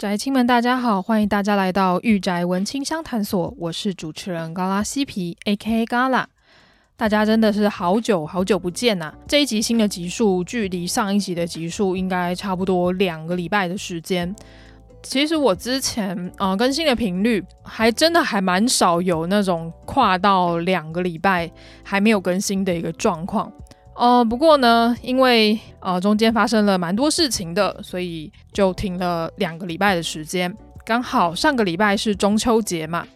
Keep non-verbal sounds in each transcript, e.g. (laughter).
宅親們，大家好，歡迎大家來到御宅文清香探索，我是主持人嘎拉嬉皮，AKA Gala。大家真的是好久好久不見吶、啊！這一集新的集數，距離上一集的集數應該差不多兩個禮拜的時間。其實我之前、呃、更新的頻率，還真的還蠻少，有那種跨到兩個禮拜還沒有更新的一個狀況。呃，不過呢，因為呃中間發生了蠻多事情的，所以就停了兩個禮拜的時間。剛好上個禮拜是中秋節嘛，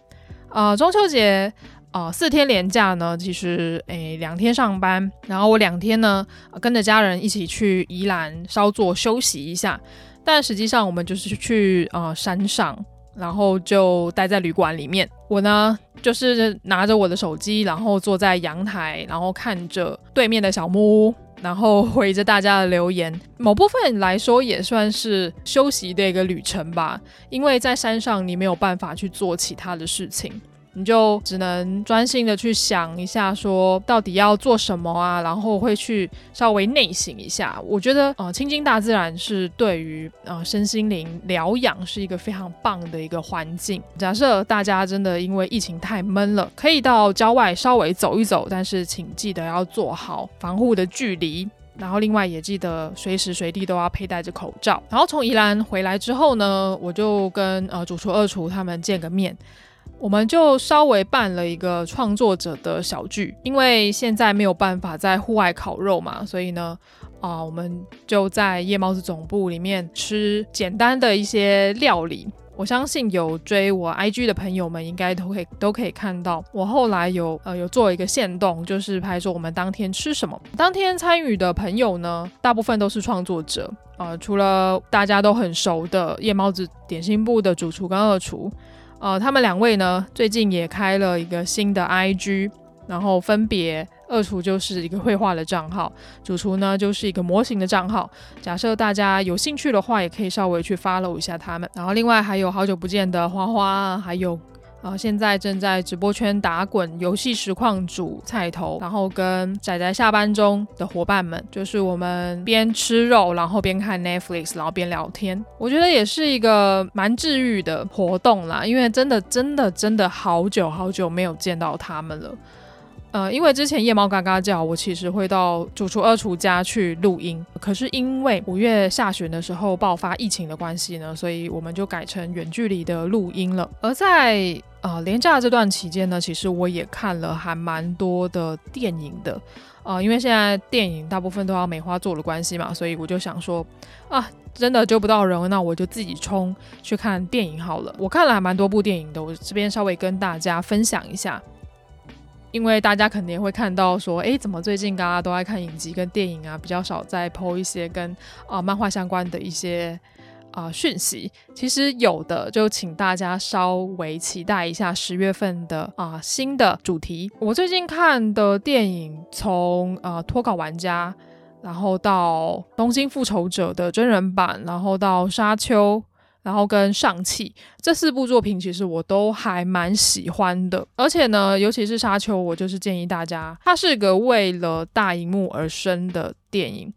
呃，中秋節呃四天連假呢，其實誒兩天上班，然後我兩天呢、呃、跟着家人一起去宜蘭稍作休息一下。但實際上我們就是去呃山上。然後就待在旅館裡面，我呢，就是拿着我的手機，然後坐在陽台，然後看着對面的小木屋，然後回着大家的留言。某部分來說也算是休息的一個旅程吧，因為在山上你沒有辦法去做其他的事情。你就只能專心的去想一下，說到底要做什麼啊，然後會去稍微內省一下。我覺得，呃，親近大自然是對於呃身心靈療養是一個非常棒的一個環境。假設大家真的因為疫情太悶了，可以到郊外稍微走一走，但是請記得要做好防護的距離，然後另外也記得隨時隨地都要佩戴着口罩。然後從宜蘭回來之後呢，我就跟呃主廚、二廚他們見個面。我們就稍微辦了一個創作者的小聚，因為現在沒有辦法在戶外烤肉嘛，所以呢，啊、呃，我們就在夜貓子總部裡面吃簡單的一些料理。我相信有追我 IG 的朋友們應該都可以都可以看到，我後來有呃有做一個限動，就是拍說我們當天吃什麼。當天參與的朋友呢，大部分都是創作者，呃，除了大家都很熟的夜貓子點心部的主廚跟二廚。呃，他們兩位呢，最近也開了一個新的 IG，然後分別二廚就是一個繪畫的賬號，主廚呢就是一個模型的賬號。假設大家有興趣的話，也可以稍微去 follow 一下他們。然後另外還有好久不見的花花，還有。然後現在正在直播圈打滾，遊戲實況主菜頭，然後跟仔仔下班中的夥伴們，就是我們邊吃肉，然後邊看 Netflix，然後邊聊天，我覺得也是一個蠻治癒的活動啦，因為真的真的真的好久好久沒有見到他們了。呃，因為之前夜貓嘎嘎叫，我其實會到主廚二廚家去錄音。可是因為五月下旬的時候爆發疫情的關係呢，所以我們就改成遠距離的錄音了。而在呃連假這段期間呢，其實我也看了還蠻多的電影的。啊、呃，因為現在電影大部分都要梅花座的關係嘛，所以我就想說啊，真的揪不到人了，那我就自己衝去看電影好了。我看了還蠻多部電影的，我這邊稍微跟大家分享一下。因為大家肯定會看到說，哎，怎麼最近大、啊、家都在看影集跟電影啊，比較少在拋一些跟啊、呃、漫畫相關的一些啊、呃、訊息。其實有的，就請大家稍微期待一下十月份的啊、呃、新的主題。我最近看的電影從，從、呃、啊脫稿玩家，然後到東京復仇者的真人版，然後到沙丘。然後跟上汽這四部作品，其實我都還蠻喜歡的。而且呢，尤其是《沙丘》，我就是建議大家，它是個為了大熒幕而生的電影，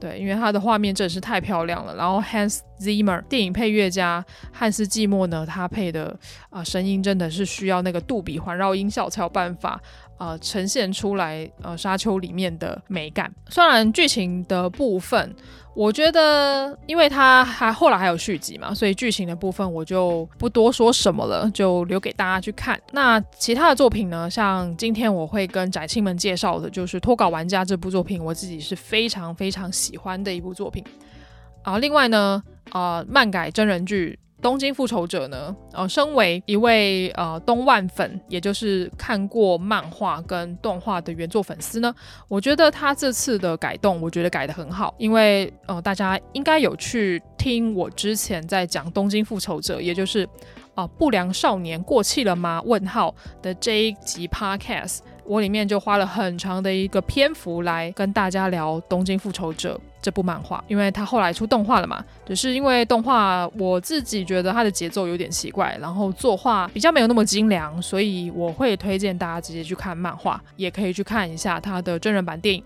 對，因為它的畫面真的是太漂亮了。然後 Hence Zimmer 電影配樂家漢斯·季默呢，他配的啊、呃、聲音真的是需要那個杜比環繞音效才有辦法啊、呃、呈現出來。呃，《沙丘》裡面的美感，雖然劇情的部分。我覺得，因為它還後來還有續集嘛，所以劇情的部分我就不多說什麼了，就留給大家去看。那其他的作品呢？像今天我會跟宅青們介紹的，就是《脫稿玩家》這部作品，我自己是非常非常喜歡的一部作品。啊，另外呢，啊、呃，漫改真人劇。東京復仇者呢？呃，身為一位呃東萬粉，也就是看過漫畫跟動畫的原作粉絲呢，我覺得他這次的改動，我覺得改得很好，因為呃，大家應該有去聽我之前在講東京復仇者，也就是啊、呃、不良少年過氣了嗎？問號的這一集 Podcast。我裡面就花了很長的一個篇幅來跟大家聊《東京復仇者》這部漫畫，因為它後來出動畫了嘛。只是因為動畫，我自己覺得它的節奏有點奇怪，然後作畫比較沒有那麼精良，所以我會推薦大家直接去看漫畫，也可以去看一下它的真人版電影。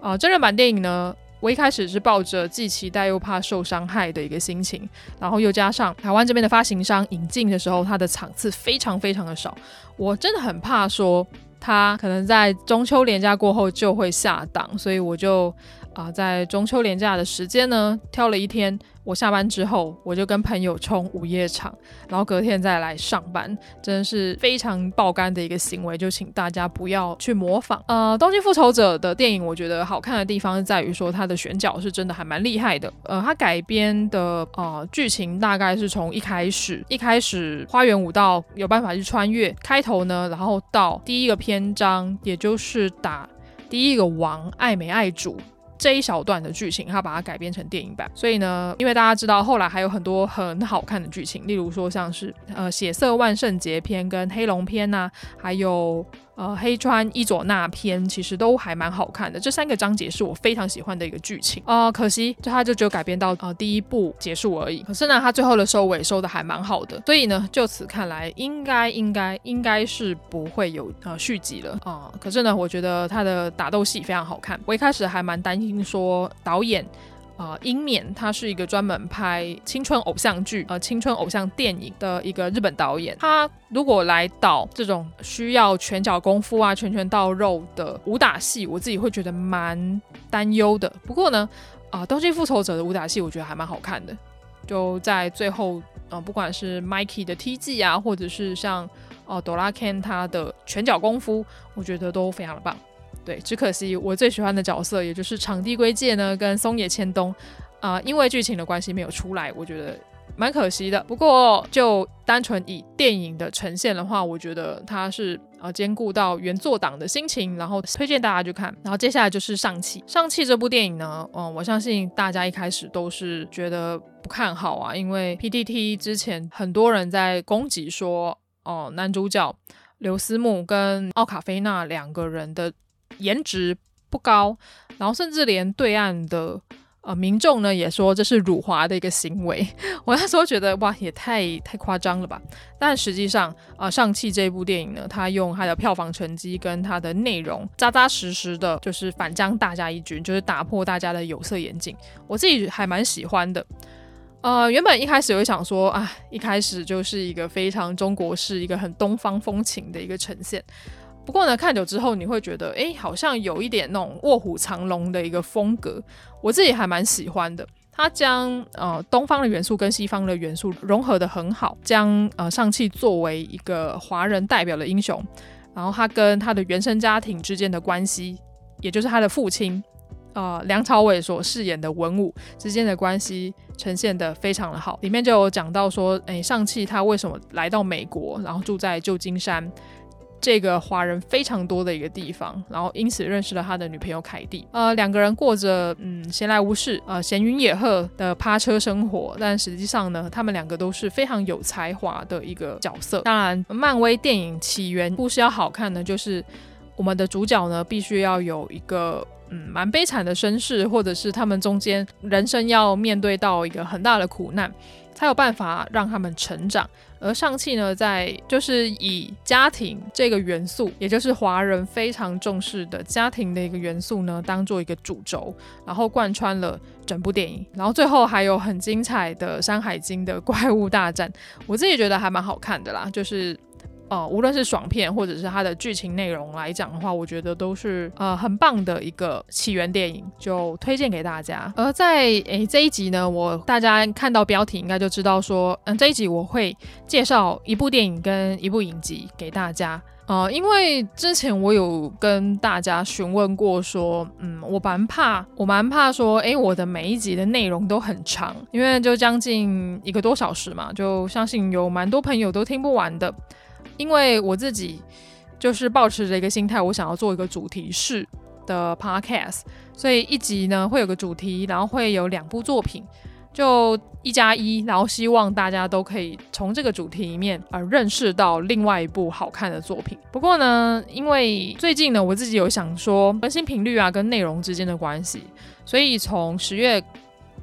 啊，真人版電影呢，我一開始是抱着既期待又怕受傷害的一個心情，然後又加上台灣這邊的發行商引進的時候，它的場次非常非常的少，我真的很怕說。它可能在中秋連假過後就會下檔，所以我就。啊、呃，在中秋連假的時間呢，挑了一天，我下班之後我就跟朋友衝午夜場，然後隔天再來上班，真的是非常爆肝的一個行為，就請大家不要去模仿。呃，東京復仇者的電影，我覺得好看的地方是在於說它的選角是真的還蠻厲害的。呃，它改編的呃劇情大概是從一開始，一開始花垣武道有辦法去穿越，開頭呢，然後到第一個篇章，也就是打第一個王愛美愛主，這一小段的劇情，他把它改編成電影版。所以呢，因為大家知道，後來還有很多很好看的劇情，例如說像是呃血色萬聖節篇跟黑龍篇吶、啊，還有。呃，黑川伊佐那篇其實都還蠻好看的，這三個章節是我非常喜歡的一個劇情啊、呃。可惜就它就只有改編到呃第一部結束而已。可是呢，它最後的收尾收的還蠻好的，所以呢，就此看來，應該應該應該是不會有呃續集了啊、呃。可是呢，我覺得它的打鬥戲非常好看，我一開始還蠻擔心說導演。啊、呃，英勉，他是一個專門拍青春偶像劇、呃青春偶像電影的一個日本導演。他如果來導這種需要拳腳功夫啊、拳拳到肉的武打戲，我自己會覺得蠻擔憂的。不過呢，啊東京復仇者的武打戲我覺得還蠻好看的。就在最後，啊、呃、不管是 Mikey 的 TG 啊，或者是像哦、呃、Dora Ken 他的拳腳功夫，我覺得都非常的棒。對，只可惜我最喜歡的角色，也就是場地圭介呢，跟松野千冬，啊、呃，因為劇情的關係沒有出來，我覺得蠻可惜的。不過就單純以電影的呈現的話，我覺得它是啊、呃、兼顧到原作黨的心情，然後推薦大家去看。然後接下來就是《尚氣》。《尚氣》這部電影呢，嗯、呃，我相信大家一開始都是覺得不看好啊，因為 PTT 之前很多人在攻擊說，哦、呃，男主角劉思慕跟奧卡菲娜兩個人的。顏值不高，然後甚至連對岸的呃民眾呢也說這是辱華的一個行為。 (laughs) 我那時候覺得哇，也太太誇張了吧？但實際上啊、呃，尚氣這部電影呢，它用它的票房成績跟它的內容扎扎實實的，就是反將大家一軍，就是打破大家的有色眼鏡。我自己還蠻喜歡的。呃，原本一開始我想說啊，一開始就是一個非常中國式、一個很東方風情的一個呈現。不過呢，看久之後你會覺得，哎，好像有一點那種臥虎藏龍的一個風格，我自己還蠻喜歡的。他將呃東方的元素跟西方的元素融合得很好，將呃尚氣作為一個華人代表的英雄，然後他跟他的原生家庭之間的關係，也就是他的父親啊、呃、梁朝偉所飾演的文武之間的關係，呈現得非常的好。裡面就有講到說，哎，尚氣他為什麼來到美國，然後住在舊金山，這個華人非常多的一個地方，然後因此認識了他的女朋友凱蒂。呃，兩個人過着嗯閒來無事啊、呃、閒雲野鶴的趴車生活，但實際上呢，他們兩個都是非常有才華的一個角色。當然，漫威電影起源故事要好看呢，就是我們的主角呢必須要有一個嗯蠻悲慘的身世，或者是他們中間人生要面對到一個很大的苦難，才有辦法讓他們成長。而尚氣呢，在就是以家庭這個元素，也就是華人非常重視的家庭的一個元素呢，當做一個主軸，然後貫穿了整部電影，然後最後還有很精彩的《山海經》的怪物大戰，我自己覺得還蠻好看的啦，就是。啊，無論是爽片，或者是它的劇情內容來講的話，我覺得都是呃很棒的一個起源電影，就推薦給大家。而在誒這一集呢，我大家看到標題應該就知道說，嗯、呃，這一集我會介紹一部電影跟一部影集給大家。呃，因為之前我有跟大家詢問過說，嗯，我蠻怕，我蠻怕說，誒，我的每一集的內容都很長，因為就將近一個多小時嘛，就相信有蠻多朋友都聽不完的。因為我自己就是抱持著一個心態，我想要做一個主題式的 podcast，所以一集呢會有個主題，然後會有兩部作品，就一加一，然後希望大家都可以從這個主題裡面啊認識到另外一部好看的作品。不過呢，因為最近呢我自己有想說更新頻率啊跟內容之間的關係，所以從十月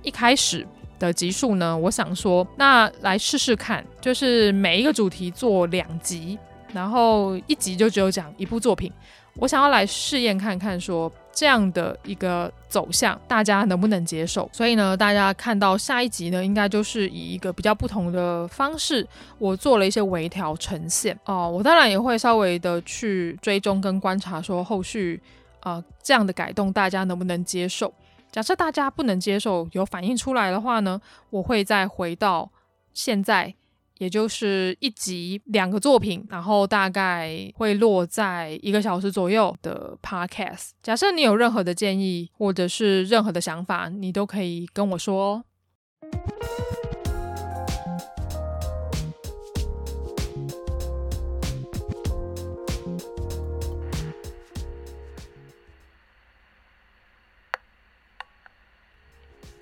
一開始的集數呢，我想說，那來試試看，就是每一個主題做兩集，然後一集就只有講一部作品。我想要來試驗看看，說這樣的一個走向，大家能不能接受？所以呢，大家看到下一集呢，應該就是以一個比較不同的方式，我做了一些微調呈現哦，呃，我當然也會稍微的去追蹤跟觀察，說後續啊、呃、這樣的改動，大家能不能接受？假設大家不能接受，有反應出來的話呢，我會再回到現在，也就是一集兩個作品，然後大概會落在一個小時左右的 Podcast。假設你有任何的建議或者是任何的想法，你都可以跟我說，哦。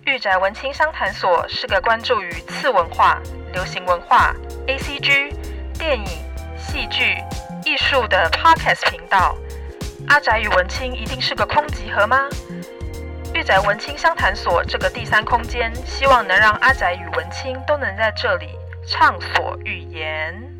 御宅文青相談所是個關注於次文化、流行文化、ACG、電影、戲劇、藝術的 Podcast 頻道。阿宅與文青一定是個空集合嗎？御宅文青相談所這個第三空間，希望能讓阿宅與文青都能在這裡暢所欲言。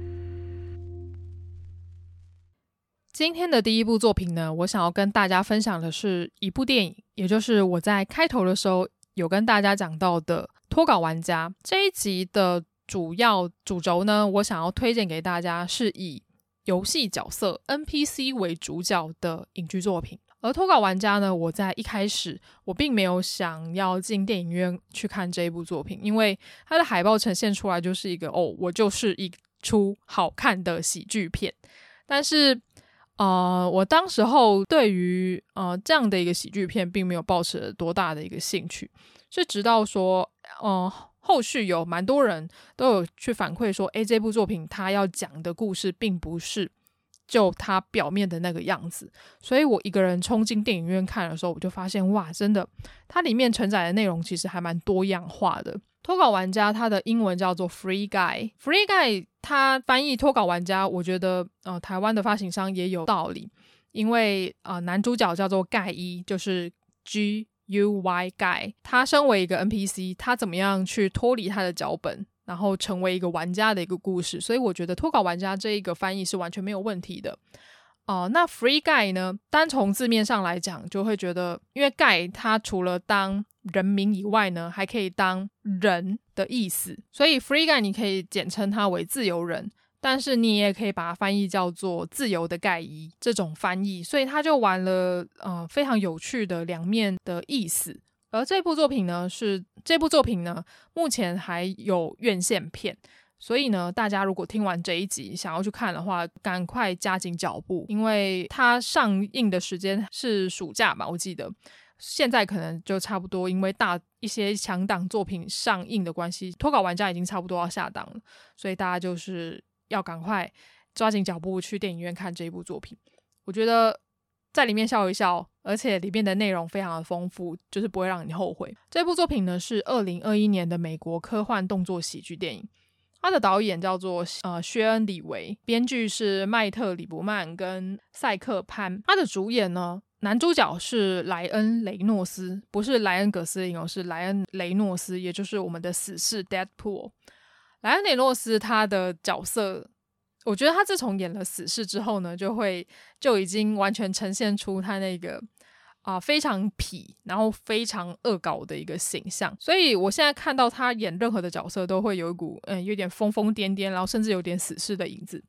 今天的第一部作品呢，我想要跟大家分享的是一部電影，也就是我在開頭的時候。有跟大家講到的《脫稿玩家》，這一集的主要主軸呢，我想要推薦給大家是以遊戲角色 NPC 為主角的影劇作品。而《脫稿玩家》呢，我在一開始，我並沒有想要進電影院去看這一部作品，因為它的海報呈現出來就是一個“哦，我就是一出好看的喜劇片”，但是。啊、呃，我當時候對於呃這樣的一個喜劇片，並沒有抱持多大的一個興趣，是直到說，呃，後續有蠻多人都有去反饋說，哎、欸，這部作品他要講的故事，並不是就他表面的那個樣子，所以我一個人衝進電影院看的時候，我就發現，哇，真的，它裡面承載的內容其實還蠻多樣化的。脫稿玩家，他的英文叫做 Free Guy。Free Guy，他翻譯脫稿玩家，我覺得呃，台灣的發行商也有道理，因為、呃、男主角叫做蓋伊，就是 G U Y Guy，他身為一個 NPC，他怎麼樣去脫離他的腳本，然後成為一個玩家的一個故事，所以我覺得脫稿玩家這一個翻譯是完全沒有問題的。哦、呃，那 Free Guy 呢，單從字面上來講，就會覺得，因為蓋他除了當人名以外呢，還可以當人的意思，所以 Free Guy 你可以簡稱它為自由人，但是你也可以把它翻譯叫做自由的蓋伊這種翻譯，所以他就玩了呃非常有趣的兩面的意思。而這部作品呢，是這部作品呢目前還有院線片，所以呢大家如果聽完這一集想要去看的話，趕快加緊腳步，因為它上映的時間是暑假嘛，我記得。現在可能就差不多，因為大一些強檔作品上映的關係，脫稿玩家已經差不多要下檔了，所以大家就是要趕快抓緊腳步去電影院看這一部作品。我覺得在裡面笑一笑，而且裡面的內容非常的豐富，就是不會讓你後悔。這部作品呢，是二零二一年的美國科幻動作喜劇電影，它的導演叫做呃薛恩李維，編劇是邁特李伯曼跟賽克潘，他的主演呢。男主角是萊恩·雷諾斯，不是萊恩葛斯林哦，是萊恩·雷諾斯，也就是我們的死侍 Deadpool。萊恩·雷諾斯他的角色，我覺得他自從演了死侍之後呢，就會就已經完全呈現出他那個啊、呃、非常痞，然後非常惡搞的一個形象。所以我現在看到他演任何的角色，都會有一股嗯有點瘋瘋癲癲，然後甚至有點死侍的影子。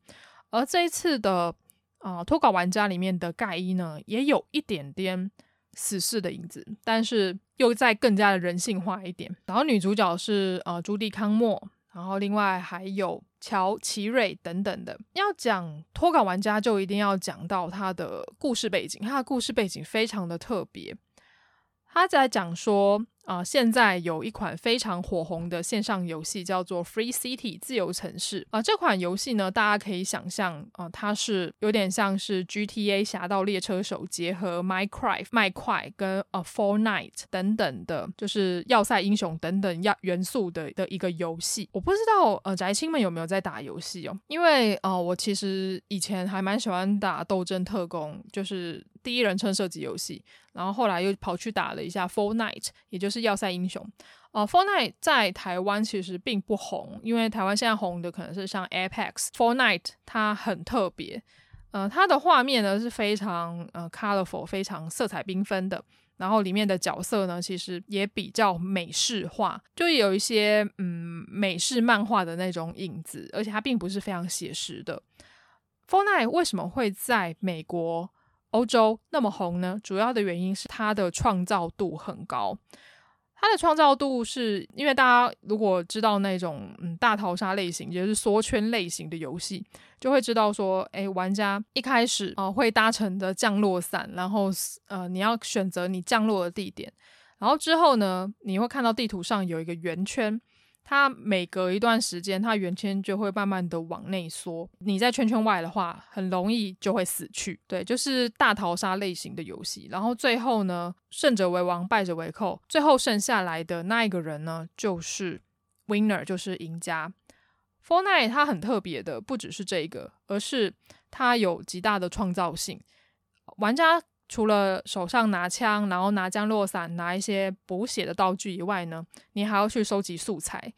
而這一次的。啊，脫、呃、脫稿玩家裡面的蓋伊呢，也有一點點死侍的影子，但是又再更加的人性化一點。然後女主角是呃朱蒂康莫，然後另外還有喬奇瑞等等的。要講脫稿玩家，就一定要講到他的故事背景，他的故事背景非常的特別。他在講說。啊、呃，現在有一款非常火紅的線上遊戲叫做 Free City 自由城市。啊、呃，這款遊戲呢，大家可以想象啊、呃，它是有點像是 GTA 俠盜獵車手，結合 Minecraft 礦塊，跟 A、呃、Fortnite 等等的，就是要塞英雄等等要元素的的一個遊戲。我不知道呃宅青們有沒有在打遊戲哦，因為呃我其實以前還蠻喜歡打《鬥陣特攻》，就是。第一人稱射擊遊戲，然後後來又跑去打了一下《Fortnite》也就是《要塞英雄》。呃、uh,，《Fortnite》在台灣其實並不紅，因為台灣現在紅的可能是像《Apex》。《Fortnite》它很特別，呃、uh,，它的畫面呢是非常呃、uh, colorful，非常色彩繽紛的。然後裡面的角色呢，其實也比較美式化，就有一些嗯美式漫畫的那種影子，而且它並不是非常寫實的。《Fortnite》為什麼會在美國？歐洲那麼紅呢？主要的原因是它的創造度很高。它的創造度是因為大家如果知道那種嗯大逃殺類型，也就是縮圈類型的遊戲，就會知道說，哎，玩家一開始啊、呃、會搭乘的降落傘，然後呃你要選擇你降落的地點，然後之後呢你會看到地圖上有一個圓圈。它每隔一段時間，它圓圈就會慢慢的往內縮。你在圈圈外的話，很容易就會死去。對，就是大逃殺類型的遊戲。然後最後呢，勝者為王，敗者為寇。最後剩下來的那一個人呢，就是 winner，就是贏家。Fortnite 它很特別的，不只是這個，而是它有極大的創造性。玩家。除了手上拿槍，然後拿降落傘，拿一些補血的道具以外呢，你還要去收集素材。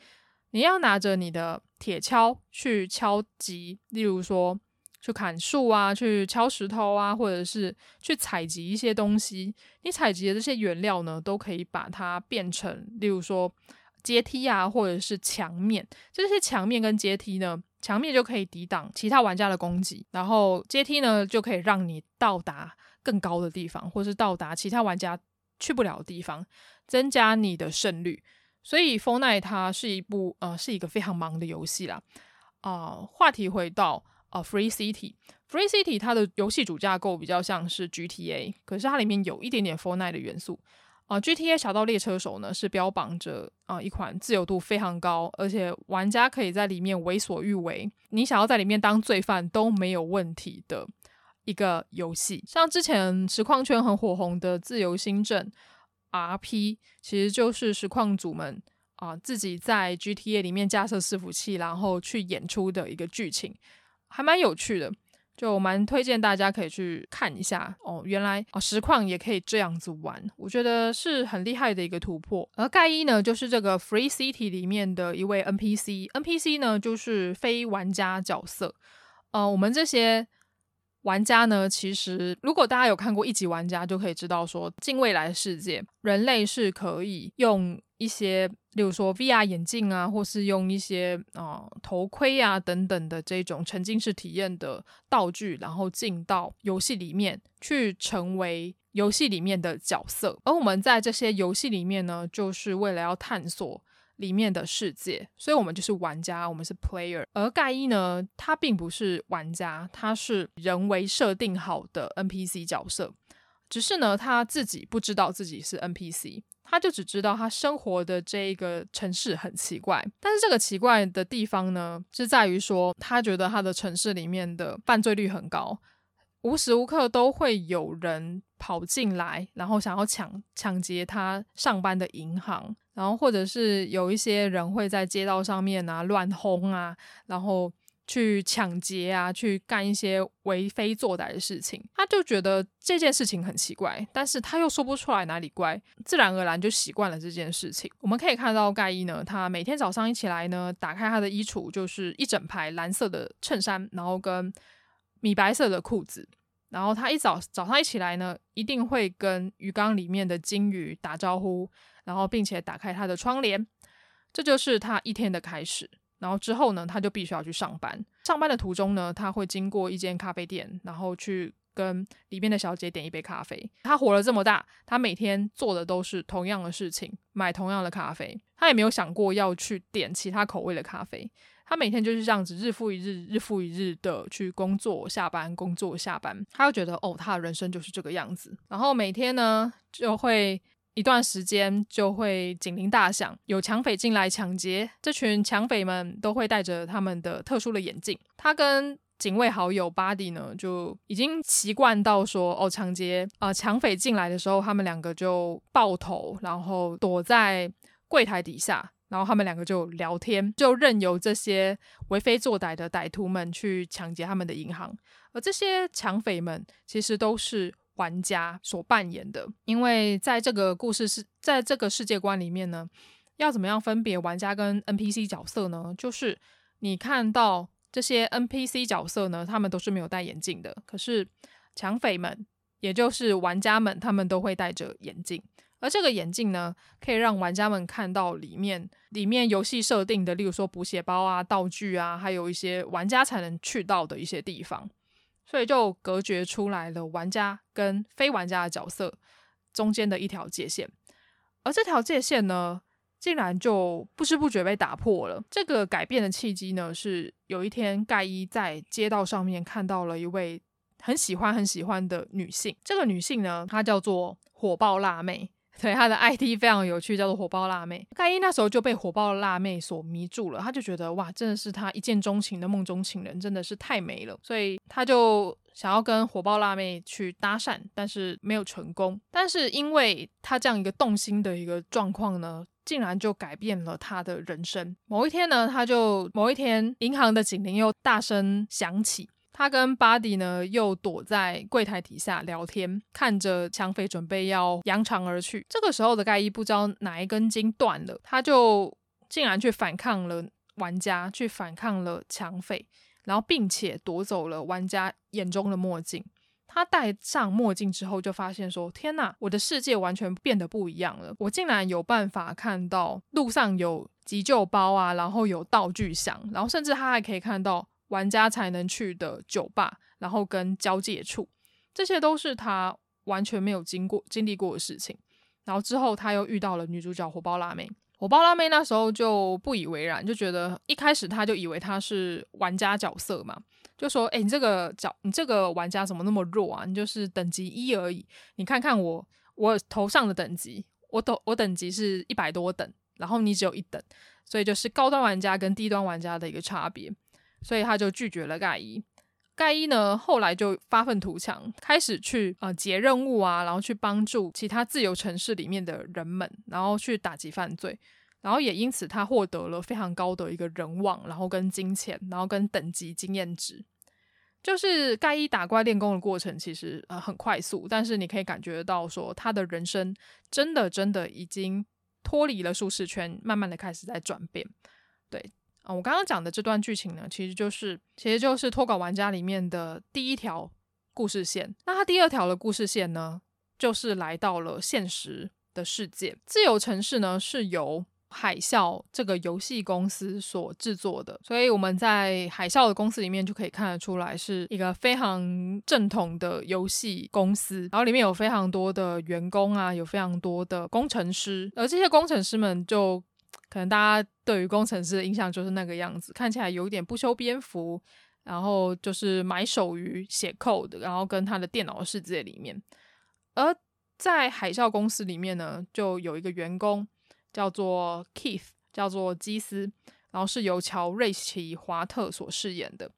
你要拿着你的鐵鍬去敲擊，例如說去砍樹啊，去敲石頭啊，或者是去採集一些東西。你採集的這些原料呢，都可以把它變成，例如說階梯啊，或者是牆面。這些牆面跟階梯呢，牆面就可以抵擋其他玩家的攻擊，然後階梯呢，就可以讓你到達。更高的地方，或是到達其他玩家去不了的地方，增加你的勝率。所以《Fortnite》它是一部呃，是一個非常忙的遊戲啦。啊、呃，話題回到啊，呃《Free City》《Free City》它的遊戲主架構比較像是 GTA，可是它裡面有一點點《Fortnite》的元素。啊、呃，《GTA：俠盜獵車手》呢是標榜着啊、呃，一款自由度非常高，而且玩家可以在裡面為所欲為，你想要在裡面當罪犯都沒有問題的。一個遊戲，像之前實況圈很火紅的自由新鎮 R P，其實就是實況組們啊、呃、自己在 G T A 裡面架設伺服器，然後去演出的一個劇情，還蠻有趣的，就我蠻推薦大家可以去看一下哦。原來啊實況也可以這樣子玩，我覺得是很厲害的一個突破。而蓋伊呢，就是這個 Free City 裡面的一位 N P C，N P C 呢就是非玩家角色，呃，我們這些。玩家呢，其實如果大家有看過一級玩家就可以知道說，近未來的世界，人類是可以用一些，例如說 V R 眼鏡啊，或是用一些啊、呃、頭盔啊等等的這種沉浸式體驗的道具，然後進到遊戲裡面去，成為遊戲裡面的角色。而我們在這些遊戲裡面呢，就是為了要探索。裡面的世界，所以我們就是玩家，我們是 player。而蓋伊呢，他並不是玩家，他是人為設定好的 NPC 角色，只是呢，他自己不知道自己是 NPC，他就只知道他生活的這一個城市很奇怪。但是這個奇怪的地方呢，是在於說，他覺得他的城市裡面的犯罪率很高，無時無刻都會有人。跑進來，然後想要搶搶劫他上班的銀行，然後或者是有一些人會在街道上面啊亂轟啊，然後去搶劫啊，去幹一些為非作歹的事情。他就覺得這件事情很奇怪，但是他又說不出來哪裡怪，自然而然就習慣了這件事情。我們可以看到蓋伊呢，他每天早上一起來呢，打開他的衣櫥就是一整排藍色的襯衫，然後跟米白色的褲子。然後他一早早上一起來呢，一定會跟魚缸裡面的金魚打招呼，然後並且打開他的窗簾，這就是他一天的開始。然後之後呢，他就必須要去上班。上班的途中呢，他會經過一間咖啡店，然後去跟裡面的小姐點一杯咖啡。他活了這麼大，他每天做的都是同樣的事情，買同樣的咖啡。他也沒有想過要去點其他口味的咖啡。他每天就是這樣子，日復一日，日復一日的去工作下班，工作下班。他就覺得，哦，他的人生就是這個樣子。然後每天呢，就會一段時間就會警鈴大響，有搶匪進來搶劫。這群搶匪們都會戴著他們的特殊的眼鏡。他跟警衛好友巴迪呢，就已經習慣到說，哦，搶劫啊，呃，搶匪進來的時候，他們兩個就抱頭，然後躲在櫃檯底下。然後他們兩個就聊天，就任由這些為非作歹的歹徒們去搶劫他們的銀行。而這些搶匪們其實都是玩家所扮演的，因為在這個故事是在這個世界觀裡面呢，要怎麼樣分別玩家跟 NPC 角色呢？就是你看到這些 NPC 角色呢，他們都是沒有戴眼鏡的，可是搶匪們，也就是玩家們，他們都會戴着眼鏡。而這個眼鏡呢，可以讓玩家們看到裡面裡面遊戲設定的，例如說補血包啊、道具啊，還有一些玩家才能去到的一些地方，所以就隔絕出來了玩家跟非玩家的角色中間的一條界限。而這條界限呢，竟然就不知不覺被打破了。這個改變的契機呢，是有一天蓋伊在街道上面看到了一位很喜歡很喜歡的女性。這個女性呢，她叫做火爆辣妹。對，他的 ID 非常有趣，叫做“火爆辣妹”。蓋伊那時候就被“火爆辣妹”所迷住了，他就覺得哇，真的是他一見鍾情的夢中情人，真的是太美了，所以他就想要跟“火爆辣妹”去搭訕，但是沒有成功。但是因為他這樣一個動心的一個狀況呢，竟然就改變了他的人生。某一天呢，他就某一天銀行的警鈴又大聲響起。他跟巴迪呢，又躲在櫃檯底下聊天，看着搶匪準備要揚長而去。這個時候的蓋伊不知道哪一根筋斷了，他就竟然去反抗了玩家，去反抗了搶匪，然後並且奪走了玩家眼中的墨鏡。他戴上墨鏡之後，就發現說：“天哪，我的世界完全變得不一樣了！我竟然有辦法看到路上有急救包啊，然後有道具箱，然後甚至他還可以看到。”玩家才能去的酒吧，然後跟，交界處，這些都是他完全沒有經過、經歷過的事情。然後之後他又遇到了女主角火爆辣妹，火爆辣妹那時候就不以為然，就覺得一開始他就以為他是玩家角色嘛，就說：“哎，你這個角，你這個玩家怎麼那麼弱啊？你就是等級一而已。你看看我，我頭上的等級，我等我等級是一百多等，然後你只有一等，所以就是高端玩家跟低端玩家的一個差別。”所以他就拒絕了蓋伊。蓋伊呢，後來就發憤圖強，開始去呃接任務啊，然後去幫助其他自由城市裡面的人們，然後去打擊犯罪，然後也因此他獲得了非常高的一個人望，然後跟金錢，然後跟等級經驗值。就是蓋伊打怪練功的過程其實呃很快速，但是你可以感覺到說他的人生真的真的已經脫離了舒適圈，慢慢的開始在轉變，對。我剛剛講的這段劇情呢，其實就是其實就是脫稿玩家裡面的第一條故事線。那它第二條的故事線呢，就是來到了現實的世界。自由城市呢是由海嘯這個遊戲公司所制作的，所以我們在海嘯的公司裡面就可以看得出來，是一個非常正統的遊戲公司。然後裡面有非常多的員工啊，有非常多的工程師，而這些工程師們就。可能大家對於工程師的印象就是那個樣子，看起來有點不修邊幅，然後就是埋首於寫 code，然後跟他的電腦世界裡面。而在海嘯公司裡面呢，就有一個員工叫做 Keith，叫做基斯，然後是由喬·瑞奇·華特所飾演的。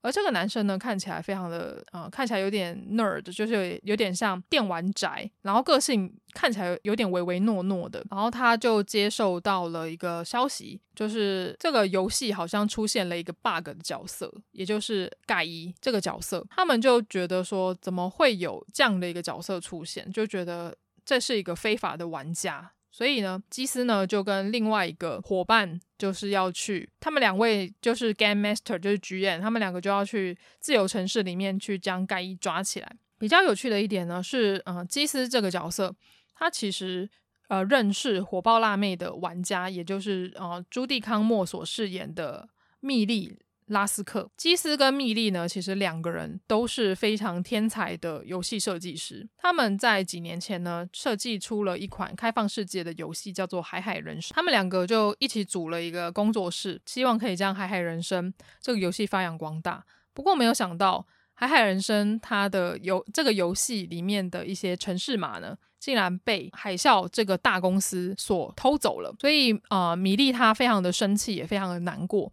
而這個男生呢，看起來非常的，呃，看起來有點 nerd，就是有，有點像電玩宅，然後個性看起來有點唯唯諾諾的。然後他就接受到了一個消息，就是這個遊戲好像出現了一個 bug 的角色，也就是蓋伊這個角色。他們就覺得說，怎麼會有這樣的一個角色出現？就覺得這是一個非法的玩家。所以呢，基斯呢就跟另外一個夥伴，就是要去，他們兩位就是 game master，就是 GM，他們兩個就要去自由城市裡面去將蓋伊抓起來。比較有趣的一點呢是，呃基斯這個角色，他其實呃認識火爆辣妹的玩家，也就是呃朱蒂康莫所飾演的蜜莉。拉斯克，基斯跟米莉呢，其實兩個人都是非常天才的遊戲設計師。他們在幾年前呢，設計出了一款開放世界的遊戲，叫做《海海人生》。他們兩個就一起組了一個工作室，希望可以將《海海人生》這個遊戲發揚光大。不過，沒有想到，《海海人生》它的遊，這個遊戲裡面的一些程式碼呢，竟然被海嘯這個大公司所偷走了。所以啊、呃，米莉她非常的生氣，也非常的難過。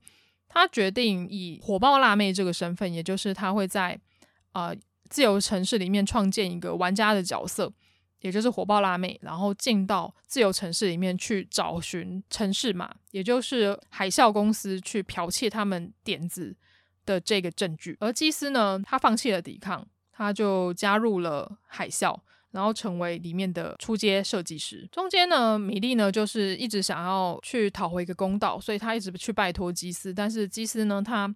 他決定以火爆辣妹這個身份，也就是他會在啊、呃、自由城市裡面創建一個玩家的角色，也就是火爆辣妹，然後進到自由城市裡面去找尋城市嘛，也就是海嘯公司去剽竊他們點子的這個證據。而基斯呢，他放棄了抵抗，他就加入了海嘯。然後成為裡面的初階設計師。中間呢，米莉呢就是一直想要去討回一個公道，所以她一直去拜託基斯。但是基斯呢，他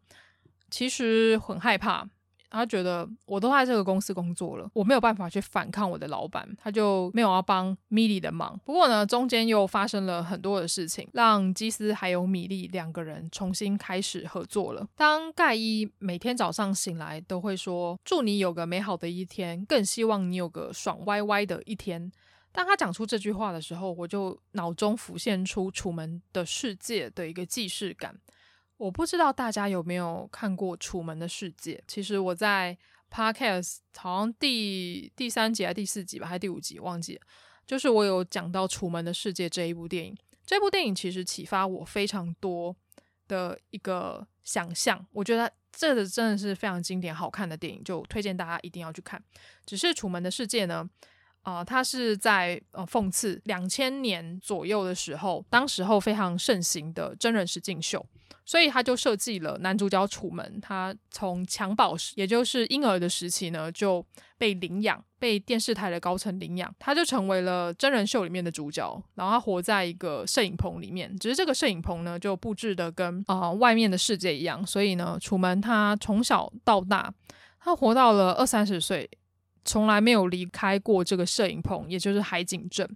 其實很害怕。他覺得我都在這個公司工作了，我沒有辦法去反抗我的老闆，他就沒有要幫米莉的忙。不過呢，中間又發生了很多的事情，讓基斯還有米莉兩個人重新開始合作了。當蓋伊每天早上醒來都會說“祝你有個美好的一天，更希望你有個爽歪歪的一天”。當他講出這句話的時候，我就腦中浮現出《楚門的世界》的一個既視感。我不知道大家有沒有看過《楚門的世界》。其實我在 Podcast 好像第第三集還是第四集吧，還是第五集，忘記了。就是我有講到《楚門的世界》這一部電影，這部電影其實啟發我非常多的一個想象。我覺得這個真的是非常經典、好看的電影，就推薦大家一定要去看。只是《楚門的世界》呢，啊、呃，他是在呃諷刺兩千年左右的時候，當時候非常盛行的真人實境秀，所以他就設計了男主角楚門，他從襁褓時，也就是嬰兒的時期呢就被領養，被電視台的高層領養，他就成為了真人秀裡面的主角，然後他活在一個攝影棚裡面，只是這個攝影棚呢就布置得跟啊、呃、外面的世界一樣，所以呢楚門他從小到大，他活到了二三十歲。從來沒有離開過這個攝影棚，也就是海景鎮，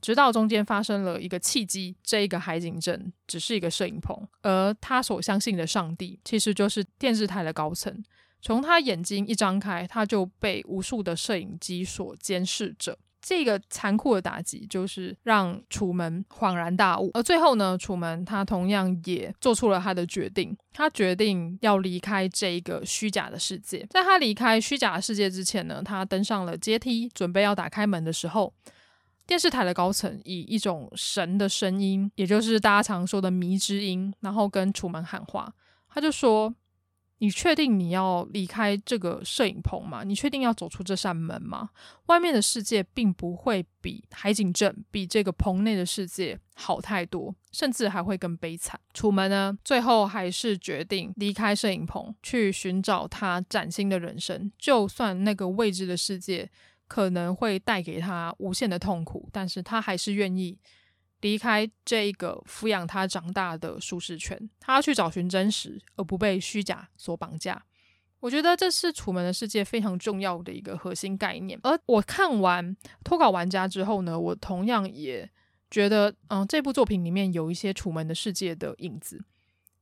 直到中間發生了一個契機。這一個海景鎮只是一個攝影棚，而他所相信的上帝，其實就是電視台的高層。從他眼睛一張開，他就被無數的攝影機所監視着。這個殘酷的打擊，就是讓楚門恍然大悟。而最後呢，楚門他同樣也做出了他的決定，他決定要離開這個虛假的世界。在他離開虛假的世界之前呢，他登上了階梯，準備要打開門的時候，電視台的高層以一種神的聲音，也就是大家常說的謎之音，然後跟楚門喊話，他就說。你確定你要離開這個攝影棚嗎？你確定要走出這扇門嗎？外面的世界並不會比海景鎮、比這個棚內的世界好太多，甚至還會更悲慘。楚門呢，最後還是決定離開攝影棚，去尋找他嶄新的人生。就算那個未知的世界可能會帶給他無限的痛苦，但是他還是願意。離開這個撫養他長大的舒適圈，他要去找尋真實，而不被虛假所綁架。我覺得這是《楚門的世界》非常重要的一個核心概念。而我看完《脫稿玩家》之後呢，我同樣也覺得，嗯，這部作品裡面有一些《楚門的世界》的影子。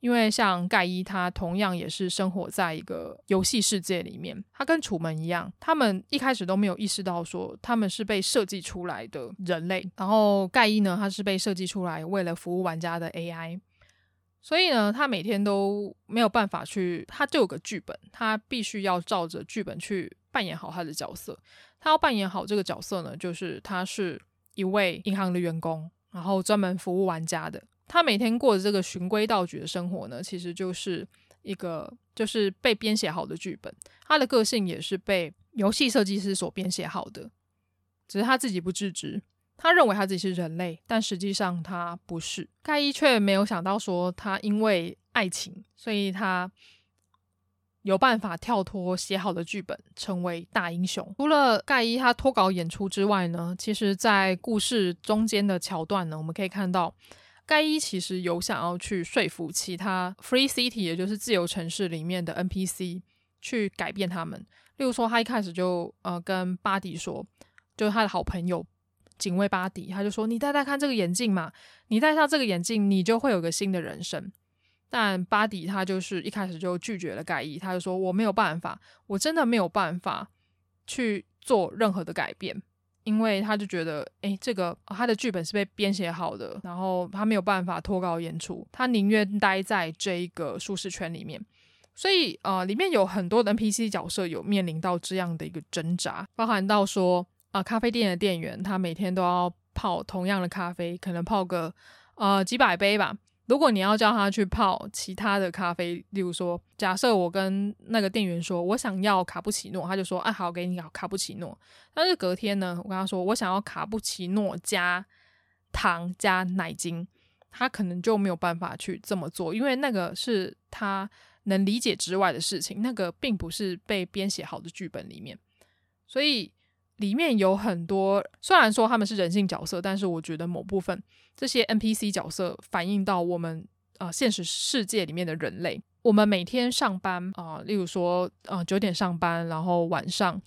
因為像蓋伊，他同樣也是生活在一個遊戲世界裡面。他跟楚門一樣，他們一開始都沒有意識到說他們是被設計出來的人類。然後蓋伊呢，他是被設計出來為了服務玩家的 AI，所以呢，他每天都沒有辦法去，他就有個劇本，他必須要照着劇本去扮演好他的角色。他要扮演好這個角色呢，就是他是一位銀行的員工，然後專門服務玩家的。他每天過着這個循規蹈矩的生活呢，其實就是一個就是被編寫好的劇本，他的個性也是被遊戲設計師所編寫好的，只是他自己不自知，他認為他自己是人類，但實際上他不是。蓋伊卻沒有想到說，他因為愛情，所以他有辦法跳脫寫好的劇本，成為大英雄。除了蓋伊他脫稿演出之外呢，其實在故事中間的橋段呢，我們可以看到。蓋伊其實有想要去說服其他 free city，也就是自由城市裡面的 NPC 去改變他們。例如說，他一開始就呃跟巴迪說，就是他的好朋友警衛巴迪，他就說：“你戴戴看這個眼鏡嘛，你戴上這個眼鏡，你就會有個新的人生。”但巴迪他就是一開始就拒絕了蓋伊，他就說：“我沒有辦法，我真的沒有辦法去做任何的改變。”因為他就覺得，誒，這個他的劇本是被編寫好的，然後他沒有辦法脫稿演出，他寧願待在這一個舒適圈裡面。所以呃裡面有很多的 NPC 角色有面臨到這樣的一個掙扎，包含到說啊、呃，咖啡店的店員，他每天都要泡同樣的咖啡，可能泡個呃幾百杯吧。如果你要叫他去泡其他的咖啡，例如說，假設我跟那個店員說，我想要卡布奇諾，他就說，哎、啊，好，給你搞卡布奇諾。但是隔天呢，我跟他說，我想要卡布奇諾加糖加奶精，他可能就沒有辦法去這麼做，因為那個是他能理解之外的事情，那個並不是被編寫好的劇本裡面，所以。裡面有很多，雖然說他們是人性角色，但是我覺得某部分這些 NPC 角色反映到我們啊、呃、現實世界裡面的人類，我們每天上班啊、呃，例如說啊九、呃、點上班，然後晚上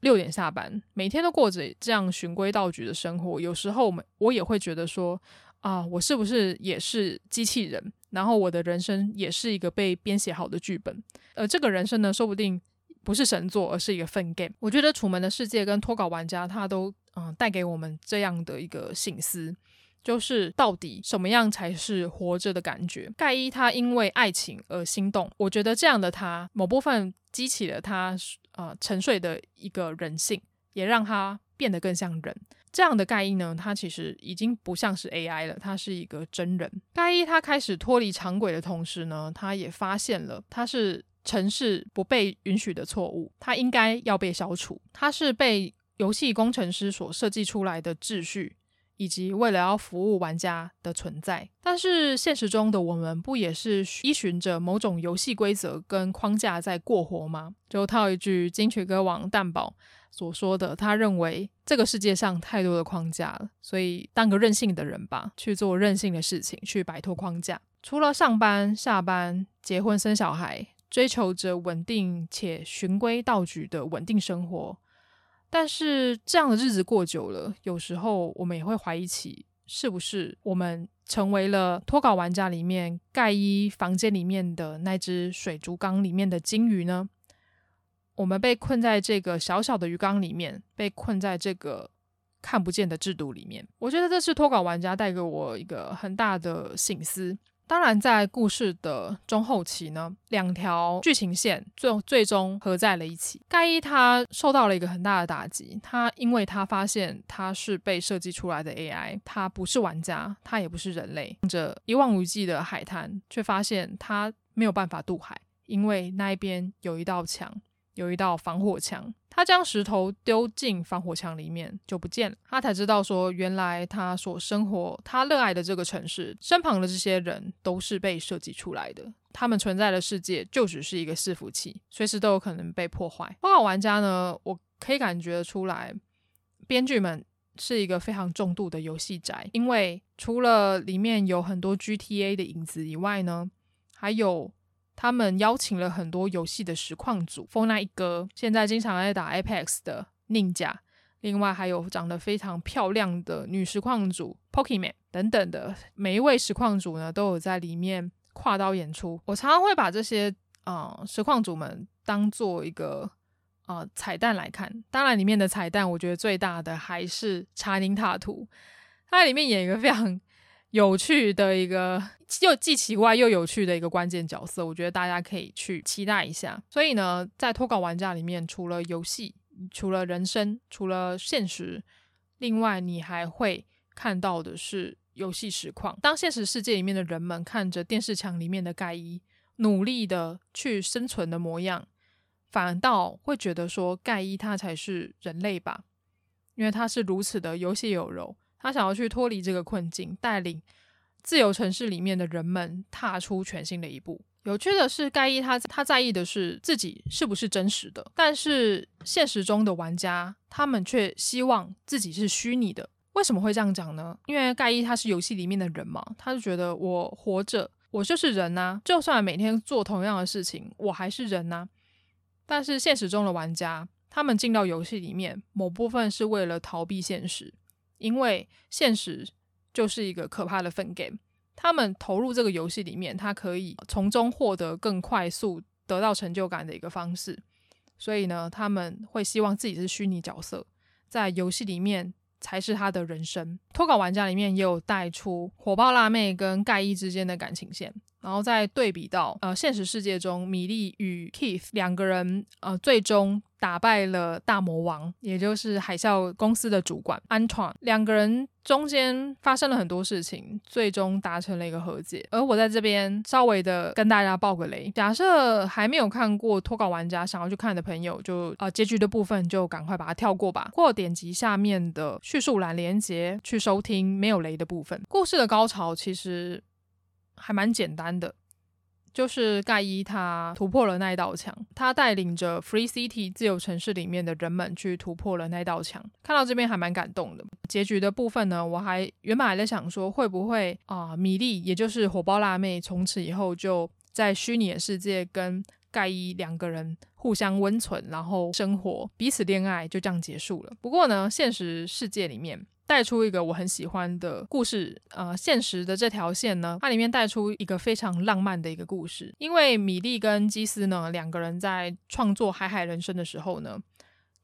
六點下班，每天都過着這樣循規蹈矩的生活。有時候我們我也會覺得說啊、呃，我是不是也是機器人？然後我的人生也是一個被編寫好的劇本。呃，這個人生呢，說不定。不是神作，而是一個分 game。我覺得《楚門的世界》跟《脫稿玩家》他都嗯、呃、帶給我們這樣的一個省思，就是到底什麼樣才是活着的感覺？蓋伊他因為愛情而心動，我覺得這樣的他某部分激起了他呃沉睡的一個人性，也讓他變得更像人。這樣的蓋伊呢，他其實已經不像是 AI 了，他是一個真人。蓋伊他開始脫離常軌的同時呢，他也發現了他是城市不被允許的錯誤，它應該要被消除。它是被遊戲工程師所設計出來的秩序，以及為了要服務玩家的存在。但是現實中的我們不也是依循着某種遊戲規則跟框架在過活嗎？就套一句金曲歌王蛋堡所說的，他認為這個世界上太多的框架了，所以當個任性的人吧，去做任性的事情，去擺脫框架。除了上班、下班、結婚、生小孩。追求着穩定且循規蹈矩的穩定生活，但是這樣的日子過久了，有時候我們也會懷疑起，是不是我們成為了脫稿玩家裡面蓋伊房間裡面的那隻水族缸裡面的金魚呢？我們被困在這個小小的魚缸裡面，被困在這個看不見的制度裡面。我覺得這是脫稿玩家帶給我一個很大的省思。當然，在故事的中後期呢，兩條劇情線最最終合在了一起。蓋伊他受到了一個很大的打擊，他因為他發現他是被設計出來的 AI，他不是玩家，他也不是人類。望着一望無際的海灘，却發現他沒有辦法渡海，因為那一邊有一道牆，有一道防火牆。他將石頭丟進防火牆裡面，就不見了。他才知道說，原來他所生活、他熱愛的這個城市，身旁的這些人都是被設計出來的。他們存在的世界就只是一個伺服器，隨時都有可能被破壞。包括玩家呢，我可以感覺出來，編劇們是一個非常重度的遊戲宅，因為除了裡面有很多 GTA 的影子以外呢，還有。他們邀請了很多遊戲的實況主，Fortnite 一哥現在經常愛打 Apex 的 Ninja，另外還有長得非常漂亮的女實況主 Pokemon 等等的，每一位實況主呢都有在裡面跨刀演出。我常常會把這些啊、呃、實況主們當做一個啊、呃、彩蛋來看。當然，裡面的彩蛋我覺得最大的還是查寧塔圖，它裡面演一個非常。有趣的一個又既奇怪又有趣的一個關鍵角色，我覺得大家可以去期待一下。所以呢，在脫稿玩家裡面，除了遊戲，除了人生，除了現實，另外你還會看到的是遊戲實況。當現實世界裡面的人們看着電視牆裡面的蓋伊努力的去生存的模樣，反倒會覺得說蓋伊他才是人類吧，因為他是如此的遊戲有血有肉。他想要去脫離這個困境，帶領自由城市裡面的人們踏出全新的一步。有趣的是，蓋伊他他在意的是自己是不是真實的，但是現實中的玩家他們卻希望自己是虛擬的。為什麼會這樣講呢？因為蓋伊他是遊戲裡面的人嘛，他就覺得我活着，我就是人吶，就算每天做同樣的事情，我還是人吶。但是現實中的玩家，他們進到遊戲裡面，某部分是為了逃避現實。因為現實就是一個可怕的分 game，他們投入這個遊戲裡面，他可以從中獲得更快速得到成就感的一個方式，所以呢，他們會希望自己是虛擬角色，在遊戲裡面才是他的人生。脫稿玩家裡面也有帶出火爆辣妹跟蓋伊之間的感情線。然後再對比到呃現實世界中，米莉與 Keith 兩個人呃最終打敗了大魔王，也就是海嘯公司的主管 Antwan。兩個人中間發生了很多事情，最終達成了一個和解。而我在這邊稍微的跟大家爆個雷：假設還沒有看過脫稿玩家想要去看的朋友，就呃結局的部分就趕快把它跳過吧，或點擊下面的敘述欄連結去收聽沒有雷的部分。故事的高潮其實。還蠻簡單的，就是蓋伊他突破了那一道牆，他帶領着 Free City 自由城市裡面的人們去突破了那道牆。看到這邊還蠻感動的。結局的部分呢，我還原本還在想說會不會啊、呃，米莉也就是火爆辣妹從此以後就在虛擬的世界跟蓋伊兩個人互相溫存，然後生活彼此戀愛，就這樣結束了。不過呢，現實世界裡面，帶出一個我很喜歡的故事，啊、呃，現實的這條線呢，它裡面帶出一個非常浪漫的一個故事。因為米莉跟基斯呢，兩個人在創作《海海人生》的時候呢，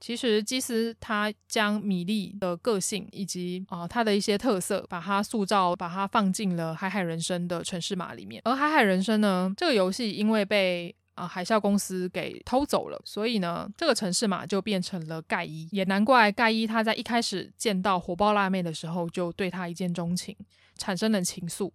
其實基斯他將米莉的個性以及啊、呃、他的一些特色，把它塑造，把它放進了《海海人生》的程式碼裡面。而《海海人生》呢，這個遊戲，因為被啊！海嘯公司給偷走了，所以呢，這個城市嘛，就變成了蓋伊。也難怪蓋伊他在一開始見到火爆辣妹的時候，就對她一見鍾情，產生了情愫。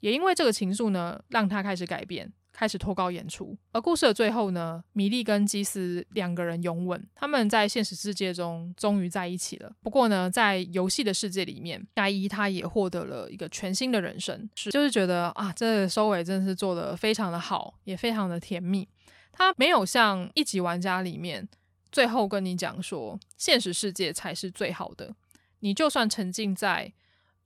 也因為這個情愫呢，讓他開始改變。開始脫稿演出，而故事的最後呢，米莉跟基斯兩個人擁吻，他們在現實世界中終於在一起了。不過呢，在遊戲的世界裡面，蓋伊他也獲得了一個全新的人生，就是覺得啊，這收尾真的是做得非常的好，也非常的甜蜜。他沒有像一級玩家裡面最後跟你講說，現實世界才是最好的，你就算沉浸在。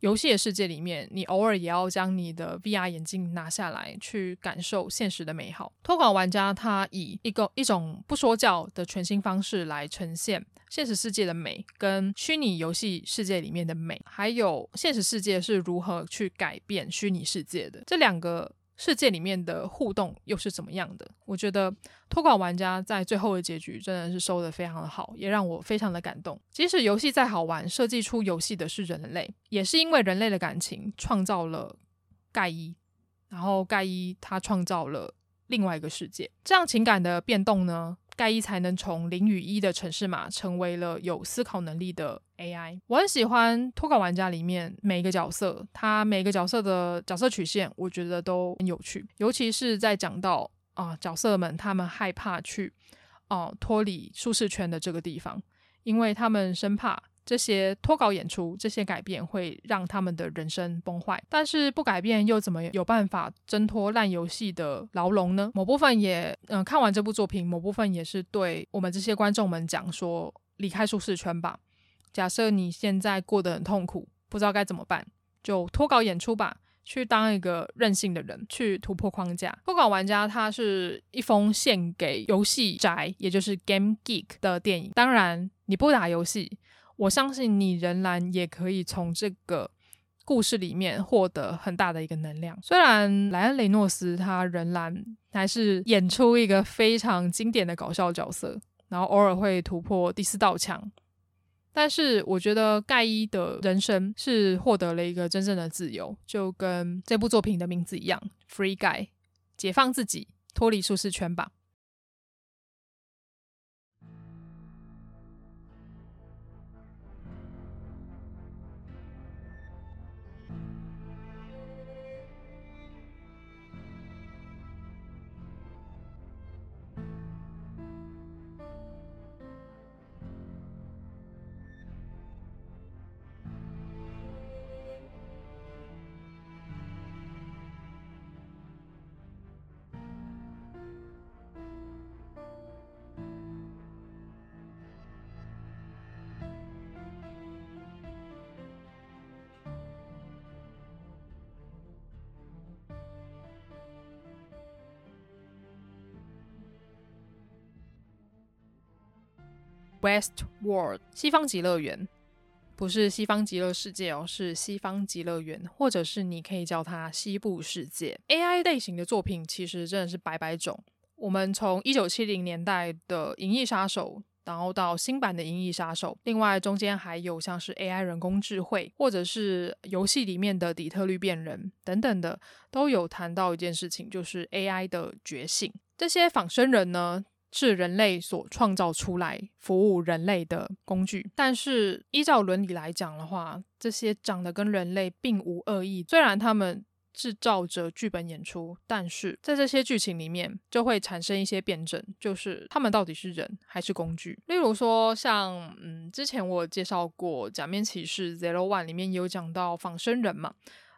遊戲的世界裡面，你偶爾也要將你的 VR 眼鏡拿下來，去感受現實的美好。脫稿玩家他以一個一種不說教的全新方式來呈現現實世界的美，跟虛擬遊戲世界裡面的美，還有現實世界是如何去改變虛擬世界的這兩個。世界裡面的互動又是怎麼樣的？我覺得脫稿玩家在最後的結局真的是收得非常的好，也讓我非常的感動。即使遊戲再好玩，設計出遊戲的是人類，也是因為人類的感情創造了蓋伊，然後蓋伊他創造了另外一個世界，這樣情感的變動呢，蓋伊才能從零與一的程式碼成為了有思考能力的。AI，我很喜歡脫稿玩家裡面每一個角色，他每個角色的角色曲線，我覺得都很有趣。尤其是在講到啊、呃，角色們他們害怕去哦、呃、脫離舒適圈的這個地方，因為他們生怕這些脫稿演出、這些改變會讓他們的人生崩壞。但是不改變又怎麼有辦法掙脫爛遊戲的牢籠呢？某部分也嗯、呃，看完這部作品，某部分也是對我們這些觀眾們講說：離開舒適圈吧。假設你現在過得很痛苦，不知道該怎麼辦，就脫稿演出吧，去當一個任性的人，去突破框架。脫稿玩家，他是一封獻給遊戲宅，也就是 Game Geek 的電影。當然，你不打遊戲，我相信你仍然也可以從這個故事裡面獲得很大的一個能量。雖然萊恩·雷諾斯他仍然還是演出一個非常經典的搞笑角色，然後偶爾會突破第四道牆。但是我覺得蓋伊的人生是獲得了一個真正的自由，就跟這部作品的名字一樣，《Free Guy》，解放自己，脫離舒適圈吧。West World，西方極樂園，不是西方極樂世界哦，是西方極樂園，或者是你可以叫它西部世界。AI 類型的作品其實真的是百百種，我們從一九七零年代的《銀翼殺手》，然後到新版的《銀翼殺手》，另外中間還有像是 AI 人工智慧，或者是遊戲裡面的底特律變人等等的，都有談到一件事情，就是 AI 的覺醒。這些仿生人呢，是人類所創造出來服務人類的工具，但是依照倫理來講的話，這些長得跟人類並無惡意。雖然他們制造着劇本演出，但是在這些劇情裡面就會產生一些辯證，就是他們到底是人還是工具？例如說像，像嗯，之前我介紹過《假面騎士 Zero One》，裡面有講到仿生人嘛，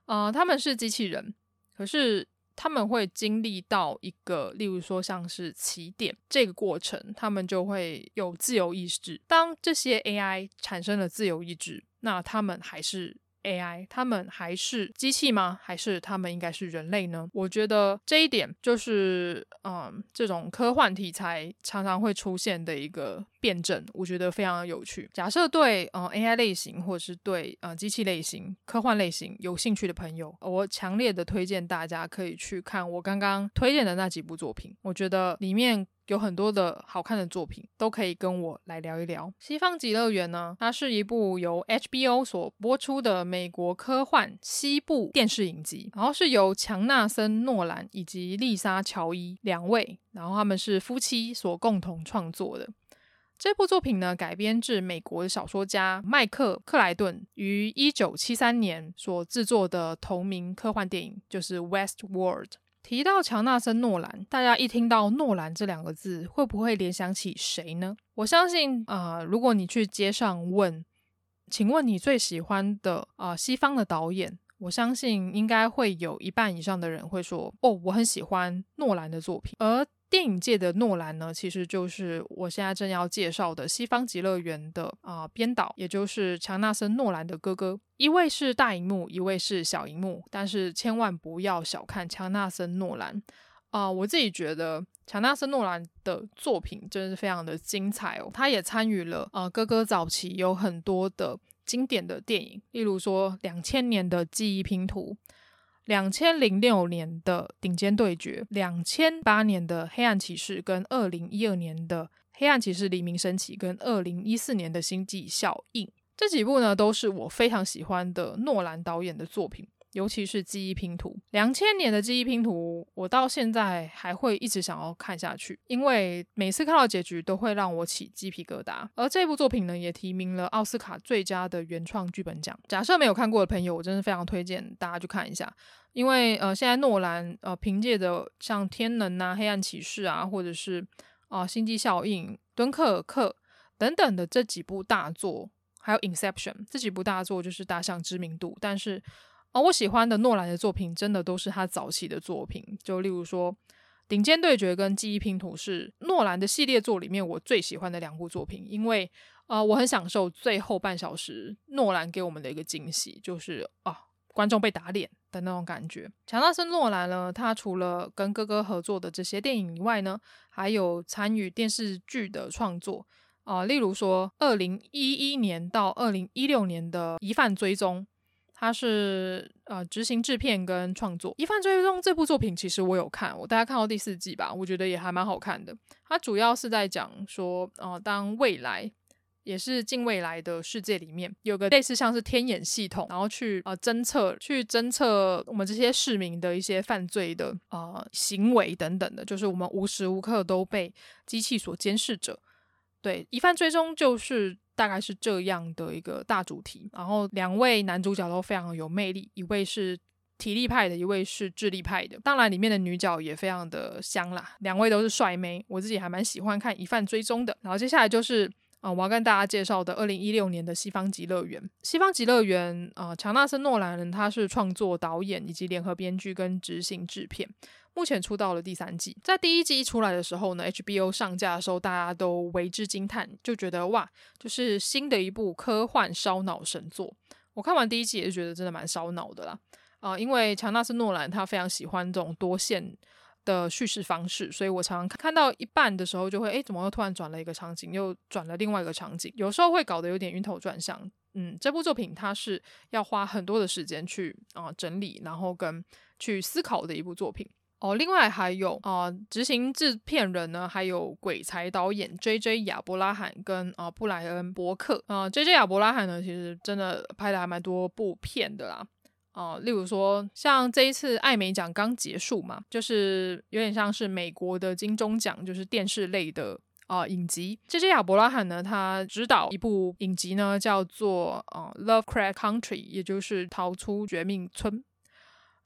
啊、呃，他們是機器人，可是。他們會經歷到一個，例如說像是起點這個過程，他們就會有自由意志。當這些 AI 產生了自由意志，那他們還是。AI，他們還是機器嗎？還是他們應該是人類呢？我覺得這一點就是，嗯，這種科幻題材常常會出現的一個辯證，我覺得非常有趣。假設對，嗯，AI 類型或者是對，呃，嗯，機器類型、科幻類型有興趣的朋友，我強烈的推薦大家可以去看我剛剛推薦的那幾部作品。我覺得裡面，有很多的好看的作品，都可以跟我來聊一聊。《西方極樂園》呢，它是一部由 HBO 所播出的美國科幻西部電視影集，然後是由強納森·諾蘭以及麗莎·喬伊兩位，然後他們是夫妻所共同創作的。這部作品呢，改編自美國的小說家麥克·克萊頓於一九七三年所製作的同名科幻電影，就是 West world《Westworld》。提到喬納森·諾蘭，大家一聽到“諾蘭”這兩個字，會不會聯想起誰呢？我相信啊、呃，如果你去街上問，請問你最喜歡的啊、呃、西方的導演，我相信應該會有一半以上的人會說：“哦，我很喜歡諾蘭的作品。”而電影界的諾蘭呢，其實就是我現在正要介紹的《西方極樂園》的、呃、啊編導，也就是強納森·諾蘭的哥哥。一位是大螢幕，一位是小螢幕，但是千萬不要小看強納森·諾蘭啊、呃！我自己覺得強納森·諾蘭的作品真的是非常的精彩哦。他也參與了啊、呃、哥哥早期有很多的經典的電影，例如說兩千年的記憶拼圖。兩千零六年的頂尖對決，兩千八年的黑暗騎士，跟二零一二年的黑暗騎士黎明升起，跟二零一四年的星際效應這幾部呢，都是我非常喜歡的諾蘭導演的作品。尤其是記憶拼圖，兩千年的記憶拼圖，我到現在還會一直想要看下去，因為每次看到結局都會讓我起雞皮疙瘩。而這部作品呢，也提名了奧斯卡最佳的原創劇本獎。假設沒有看過的朋友，我真的非常推薦大家去看一下，因為呃，現在諾蘭呃憑借着像《天能》啊、《黑暗騎士》啊，或者是啊、呃《星際效應》、《敦刻爾克》等等的這幾部大作，還有《Inception》這幾部大作，就是打響知名度，但是。哦，我喜歡的諾蘭的作品，真的都是他早期的作品。就例如說，《頂尖對決》跟《記憶拼圖》是諾蘭的系列作裡面我最喜歡的兩部作品，因為啊、呃，我很享受最後半小時諾蘭給我們的一個驚喜，就是啊、哦，觀眾被打臉的那種感覺。強納森·諾蘭呢，他除了跟哥哥合作的這些電影以外呢，還有參與電視劇的創作啊、呃，例如說，二零一一年到二零一六年的《疑犯追蹤》。他是呃執行制片跟創作《疑犯追蹤》這部作品，其實我有看，我大概看到第四季吧，我覺得也還蠻好看的。它主要是在講說，呃，當未來也是近未來的世界裡面，有個類似像是天眼系統，然後去呃偵測、去偵測我們這些市民的一些犯罪的呃行為等等的，就是我們無時無刻都被機器所監視着。對《疑犯追蹤》就是大概是這樣的一個大主題，然後兩位男主角都非常有魅力，一位是體力派的，一位是智力派的。當然，裡面的女角也非常的香啦，兩位都是帥妹，我自己還蠻喜歡看《疑犯追蹤》的。然後接下來就是。啊、我要跟大家介紹的，二零一六年的西方極樂園《西方極樂園》呃。《西方極樂園》啊，喬納森·諾蘭人，他是創作、導演以及聯合編劇跟執行製片。目前出到了第三季。在第一季一出來的時候呢，HBO 上架的時候，大家都為之驚嘆，就覺得哇，就是新的一部科幻燒腦神作。我看完第一季也是覺得真的蠻燒腦的啦。啊、呃，因為喬納森·諾蘭他非常喜歡這種多線的敘事方式，所以我常常看到一半的時候就會，哎，怎麼又突然轉了一個場景，又轉了另外一個場景，有時候會搞得有點暈頭轉向。嗯，這部作品它是要花很多的時間去啊、呃、整理，然後跟去思考的一部作品哦。另外還有啊、呃，執行制片人呢，還有鬼才導演 J J 亞伯拉罕跟啊、呃、布萊恩伯克啊。呃、J J 亞伯拉罕呢，其實真的拍了還蠻多部片的啦。哦，例如說，像這一次艾美獎剛結束嘛，就是有點像是美國的金鐘獎，就是電視類的啊、呃、影集。J.J. 亞伯拉罕呢，他執導一部影集呢，叫做《呃、Lovecraft Country》，也就是《逃出絕命村》。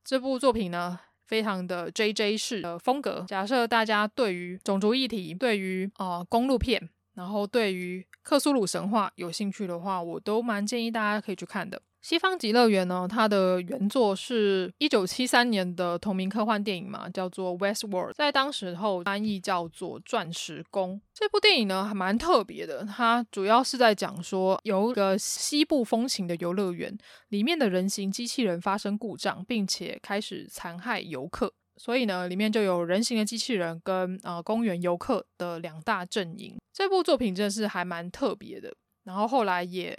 這部作品呢，非常的 J.J. 式的風格。假設大家對於種族議題、對於啊、呃、公路片，然後對於克蘇魯神話有興趣的話，我都蠻建議大家可以去看的。西方極樂園呢，它的原作是一九七三年的同名科幻電影嘛，叫做《Westworld》，在當時候翻譯叫做《鑽石宮》。這部電影呢，還蠻特別的，它主要是在講說，有一個西部風情的遊樂園，裡面的人形機器人發生故障，並且開始殘害遊客，所以呢，裡面就有人形的機器人跟、呃、公園遊客的兩大陣營。這部作品真的是還蠻特別的，然後後來也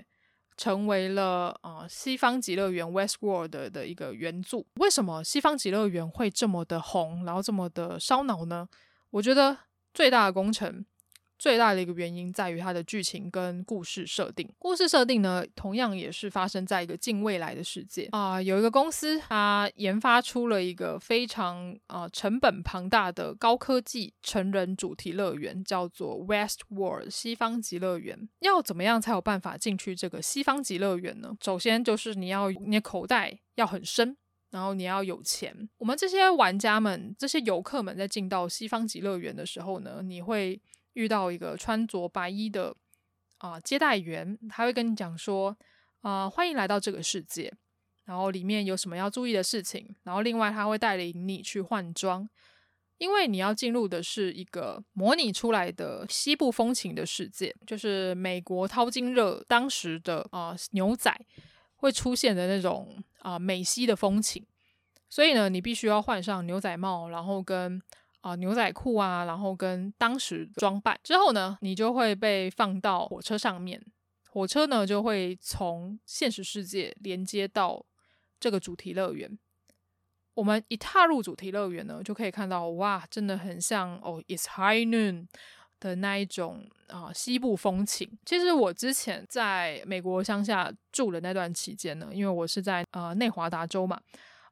成為了呃、西方極樂園 （West World） 的，的一個原著。為什麼西方極樂園會這麼的紅，然後這麼的燒腦呢？我覺得最大的功臣。最大的一個原因在於它的劇情跟故事設定。故事設定呢，同樣也是發生在一個近未來的世界啊、呃。有一個公司，它研發出了一個非常啊、呃、成本龐大的高科技成人主題樂園，叫做 West World 西方極樂園。要怎麼樣才有辦法進去這個西方極樂園呢？首先就是你要你的口袋要很深，然後你要有錢。我們這些玩家們、這些遊客們在進到西方極樂園的時候呢，你會。遇到一個穿着白衣的啊、呃、接待員，他會跟你講說啊、呃、歡迎來到這個世界，然後裡面有什麼要注意的事情，然後另外他會帶領你去換裝，因為你要進入的是一個模擬出來的西部風情的世界，就是美國淘金熱當時的啊、呃、牛仔會出現的那種啊、呃、美西的風情，所以呢，你必須要換上牛仔帽，然後跟，啊，牛仔褲啊，然後跟當時裝扮之後呢，你就會被放到火車上面。火車呢就會從現實世界連接到這個主題樂園。我們一踏入主題樂園呢，就可以看到哇，真的很像哦，It's High Noon 的那一種啊，呃，西部風情。其實我之前在美國鄉下住的那段期間呢，因為我是在呃內華達州嘛。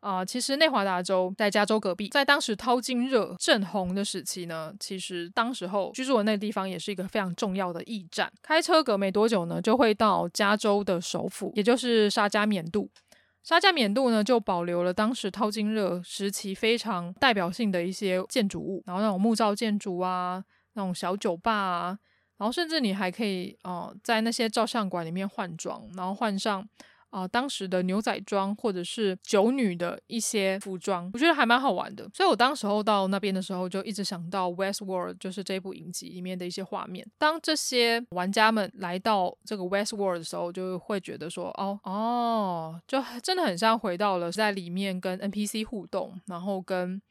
啊、呃，其實內華達州在加州隔壁，在當時淘金熱正紅的時期呢，其實當時候居住的那個地方也是一個非常重要的驛站。開車隔沒多久呢，就會到加州的首府，也就是沙加緬度。沙加緬度呢，就保留了當時淘金熱時期非常代表性的一些建築物，然後那種木造建築啊，那種小酒吧啊，然後甚至你還可以哦、呃，在那些照相館裡面換裝，然後換上。啊、呃，當時的牛仔裝或者是酒女的一些服裝，我覺得還蠻好玩的。所以我當時候到那邊的時候，就一直想到 West World，就是這部影集裡面的一些畫面。當這些玩家們來到這個 West World 的時候，就會覺得說，哦哦，就真的很像回到了在裡面跟 NPC 互動，然後跟。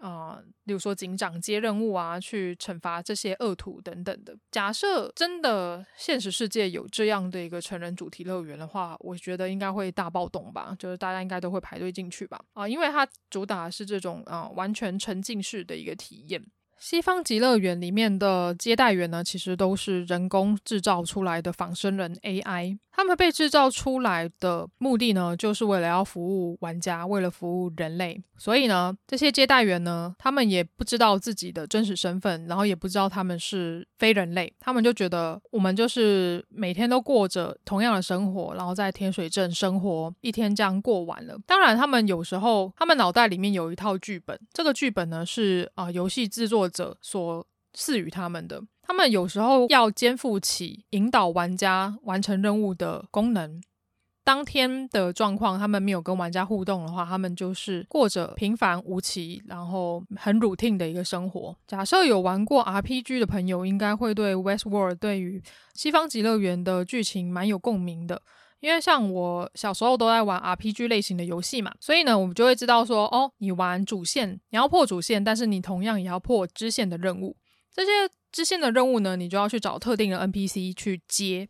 啊、呃，例如說警長接任務啊，去懲罰這些惡徒等等的。假設真的現實世界有這樣的一個成人主題樂園的話，我覺得應該會大暴動吧，就是大家應該都會排隊進去吧。啊、呃，因為它主打的是這種啊、呃、完全沉浸式的一個體驗。西方極樂園裡面的接待員呢，其實都是人工制造出來的仿生人 AI。他們被製造出來的目的呢，就是為了要服務玩家，為了服務人類。所以呢，這些接待員呢，他們也不知道自己的真實身份，然後也不知道他們是非人類。他們就覺得我們就是每天都過着同樣的生活，然後在天水鎮生活一天這樣過完了。當然，他們有時候他們腦袋裡面有一套劇本，這個劇本呢，是啊、呃、遊戲製作者所賜予他們的。他們有時候要肩負起引導玩家完成任務的功能。當天的狀況，他們沒有跟玩家互動的話，他們就是過着平凡無奇，然後很 routine 的一個生活。假設有玩過 RPG 的朋友，應該會對 Westworld 對於西方極樂園的劇情蠻有共鳴的，因為像我小時候都在玩 RPG 類型的遊戲嘛，所以呢，我們就會知道說，哦，你玩主線，你要破主線，但是你同樣也要破支線的任務這些。支線的任務呢，你就要去找特定的 NPC 去接，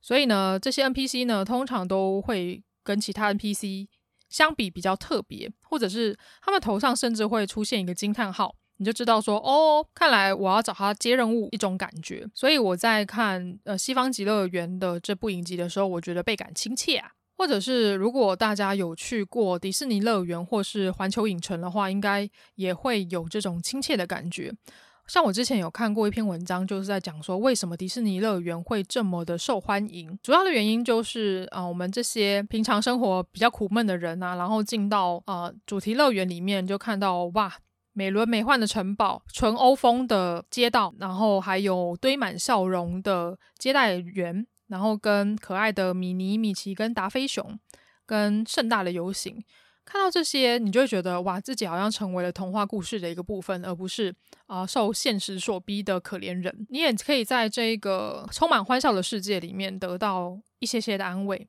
所以呢，這些 NPC 呢，通常都會跟其他 NPC 相比比較特別，或者是他們頭上甚至會出現一個驚嘆號，你就知道說哦，看來我要找他接任務，一種感覺。所以我在看呃《西方極樂園》的這部影集的時候，我覺得倍感親切啊，或者是如果大家有去過迪士尼樂園或是環球影城的話，應該也會有這種親切的感覺。像我之前有看過一篇文章，就是在講說，為什麼迪士尼樂園會這麼的受歡迎。主要的原因就是啊、呃，我們這些平常生活比較苦悶的人吶、啊，然後進到啊、呃，主題樂園裡面，就看到哇，美輪美奐的城堡、純歐風的街道，然後還有堆滿笑容的接待員，然後跟可愛的米妮、米奇跟達菲熊，跟盛大的遊行。看到這些，你就會覺得哇，自己好像成為了童話故事的一個部分，而不是啊、呃、受現實所逼的可憐人。你也可以在這一個充滿歡笑的世界裡面得到一些些的安慰。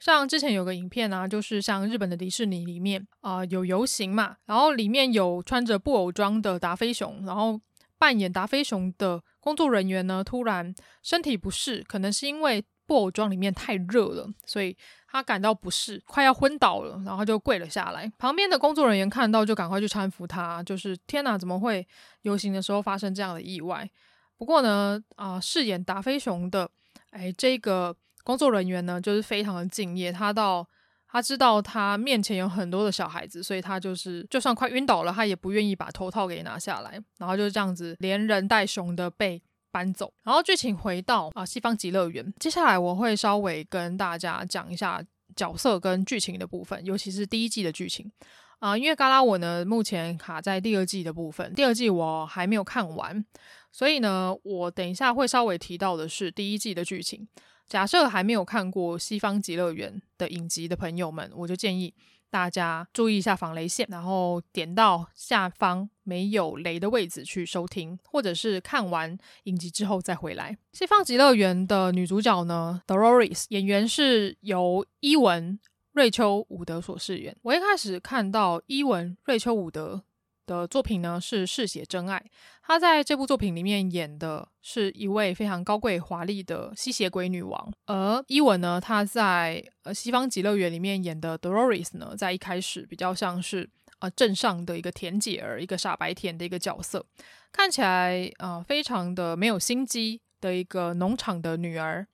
像之前有個影片啊，就是像日本的迪士尼裡面啊、呃、有遊行嘛，然後裡面有穿着布偶裝的達菲熊，然後扮演達菲熊的工作人員呢，突然身體不適，可能是因為布偶裝裡面太熱了，所以。他感到不適，快要昏倒了，然後就跪了下來。旁邊的工作人員看到，就趕快去攙扶他。就是天哪，怎麼會遊行的時候發生這樣的意外？不過呢，啊、呃，飾演達菲熊的，哎，這個工作人員呢，就是非常的敬業。他到，他知道他面前有很多的小孩子，所以他就是，就算快暈倒了，他也不願意把頭套給拿下來。然後就是這樣子，連人帶熊的背。搬走，然後劇情回到啊西方極樂園。接下來我會稍微跟大家講一下角色跟劇情的部分，尤其是第一季的劇情啊，因為嘎拉我呢目前卡在第二季的部分，第二季我還沒有看完，所以呢我等一下會稍微提到的是第一季的劇情。假設還沒有看過《西方極樂園》的影集的朋友們，我就建議。大家注意一下防雷線，然後點到下方沒有雷的位置去收聽，或者是看完影集之後再回來。西方極樂園的女主角呢，Dolores，演員是由伊文·瑞秋·伍德所飾演。我一開始看到伊文·瑞秋·伍德。的作品呢是《嗜血真愛》，她在這部作品裡面演的是一位非常高貴華麗的吸血鬼女王。而伊文呢，她在呃《西方極樂園》裡面演的 Dolores 呢，在一開始比較像是呃鎮上的一個甜姐兒，一個傻白甜的一個角色，看起來呃非常的沒有心機的一個農場的女兒。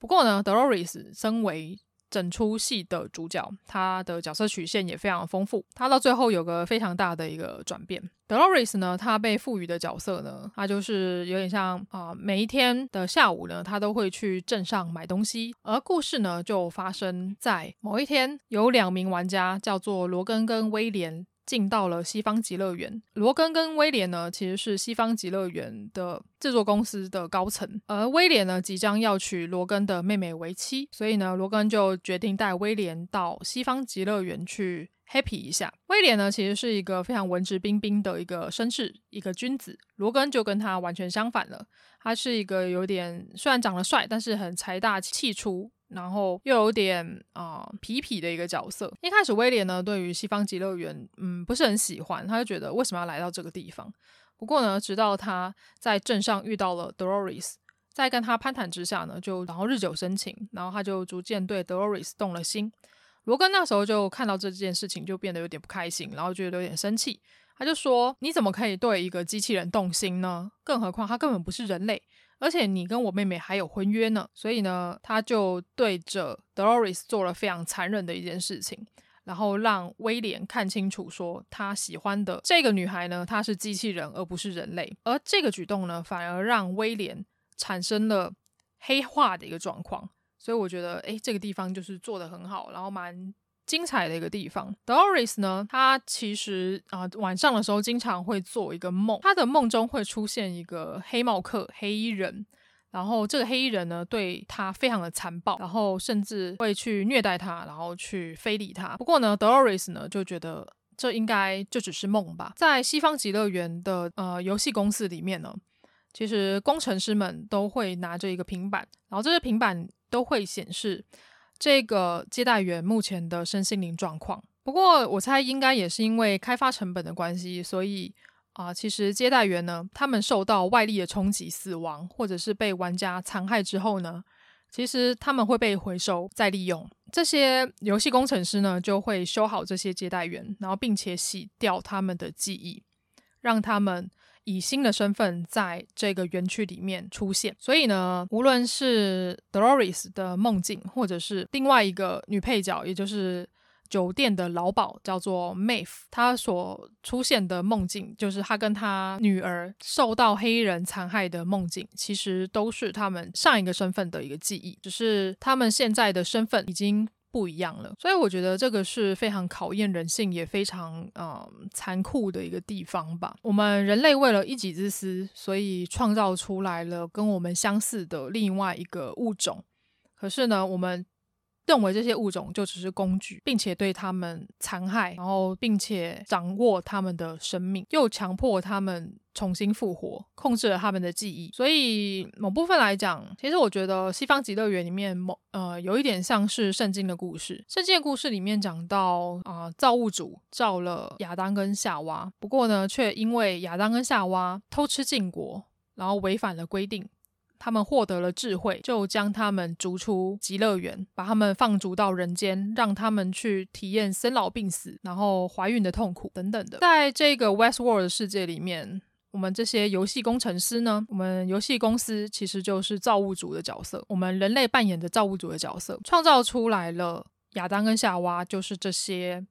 不過呢，Dolores 身為整齣戲的主角，他的角色曲線也非常豐富。他到最後有個非常大的一個轉變。Dolores 呢，他被賦予的角色呢，他就是有點像啊、呃，每一天的下午呢，他都會去鎮上買東西。而故事呢，就發生在某一天，有兩名玩家叫做羅根跟威廉。進到了西方極樂園，羅根跟威廉呢，其實是西方極樂園的制作公司的高層，而威廉呢，即將要娶羅根的妹妹為妻，所以呢，羅根就決定帶威廉到西方極樂園去 happy 一下。威廉呢，其實是一個非常文質彬彬的一個紳士，一個君子，羅根就跟他完全相反了，他是一個有點雖然長得帥，但是很財大氣粗。然後又有點啊、呃、痞痞的一個角色。一開始威廉呢對於西方極樂園，嗯，不是很喜歡，他就覺得為什麼要來到這個地方。不過呢，直到他在鎮上遇到了 Dolores 在跟他攀談之下呢，就然後日久生情，然後他就逐漸對 Dolores 動了心。羅根那時候就看到這件事情，就變得有點不開心，然後覺得有點生氣。他就說：“你怎麼可以對一個機器人動心呢？更何況他根本不是人類。”而且你跟我妹妹還有婚約呢，所以呢，他就對着 Dolores 做了非常殘忍的一件事情，然後讓威廉看清楚說他喜歡的這個女孩呢，她是機器人而不是人類。而這個舉動呢，反而讓威廉產生了黑化的一個狀況。所以我覺得，哎，這個地方就是做得很好，然後蠻。精彩的一個地方，Dolores 呢，他，其實啊、呃、晚上的時候經常會做一個夢，他的夢中會出現一個黑帽客、黑衣人，然後這個黑衣人呢對他非常的殘暴，然後甚至會去虐待他，然後去非禮他。不過呢，Dolores 呢就覺得這應該就只是夢吧。在西方極樂園的呃遊戲公司裡面呢，其實工程師們都會拿着一個平板，然後這些平板都會顯示。這個接待員目前的身心靈狀況。不過，我猜應該也是因為開發成本的關係，所以啊、呃，其實接待員呢，他們受到外力的衝擊、死亡，或者是被玩家殘害之後呢，其實他們會被回收再利用。這些遊戲工程師呢，就會修好這些接待員，然後並且洗掉他們的記憶，讓他們，以新的身份在這個園區裡面出現，所以呢，無論是 Dolores 的夢境，或者是另外一個女配角，也就是酒店的老鸨，叫做 Maeve，她所出現的夢境，就是她跟她女兒受到黑衣人殘害的夢境，其實都是他們上一個身份的一個記憶，只、就是他們現在的身份已經。不一樣了，所以我覺得這個是非常考驗人性，也非常嗯、呃、殘酷的一個地方吧。我們人類為了一己之私，所以創造出來了跟我們相似的另外一個物種。可是呢，我們。認為這些物種就只是工具，並且對他們殘害，然後並且掌握他們的生命，又強迫他們重新復活，控制了他們的記憶。所以某部分來講，其實我覺得《西方極樂園》裡面某呃有一點像是聖經的故事。聖經的故事裡面講到啊，呃，造物主造了亞當跟夏娃，不過呢，卻因為亞當跟夏娃偷吃禁果，然後違反了規定。他們獲得了智慧，就將他們逐出極樂園，把他們放逐到人間，讓他們去體驗生老病死，然後懷孕的痛苦等等的。在這個 West World 世界裡面，我們這些遊戲工程師呢，我們遊戲公司其實就是造物主的角色，我們人類扮演的造物主的角色，創造出來了亞當跟夏娃，就是這些。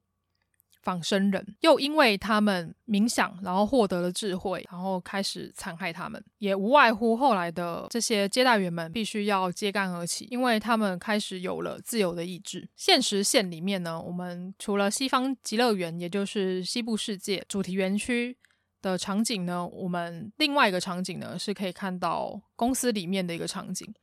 仿生人又因為他們冥想，然後獲得了智慧，然後開始殘害他們，也無外乎後來的這些接待員們必須要揭竿而起，因為他們開始有了自由的意志。現實線裡面呢，我們除了西方極樂園，也就是西部世界主題園區的場景呢，我們另外一個場景呢，是可以看到公司裡面的一個場景。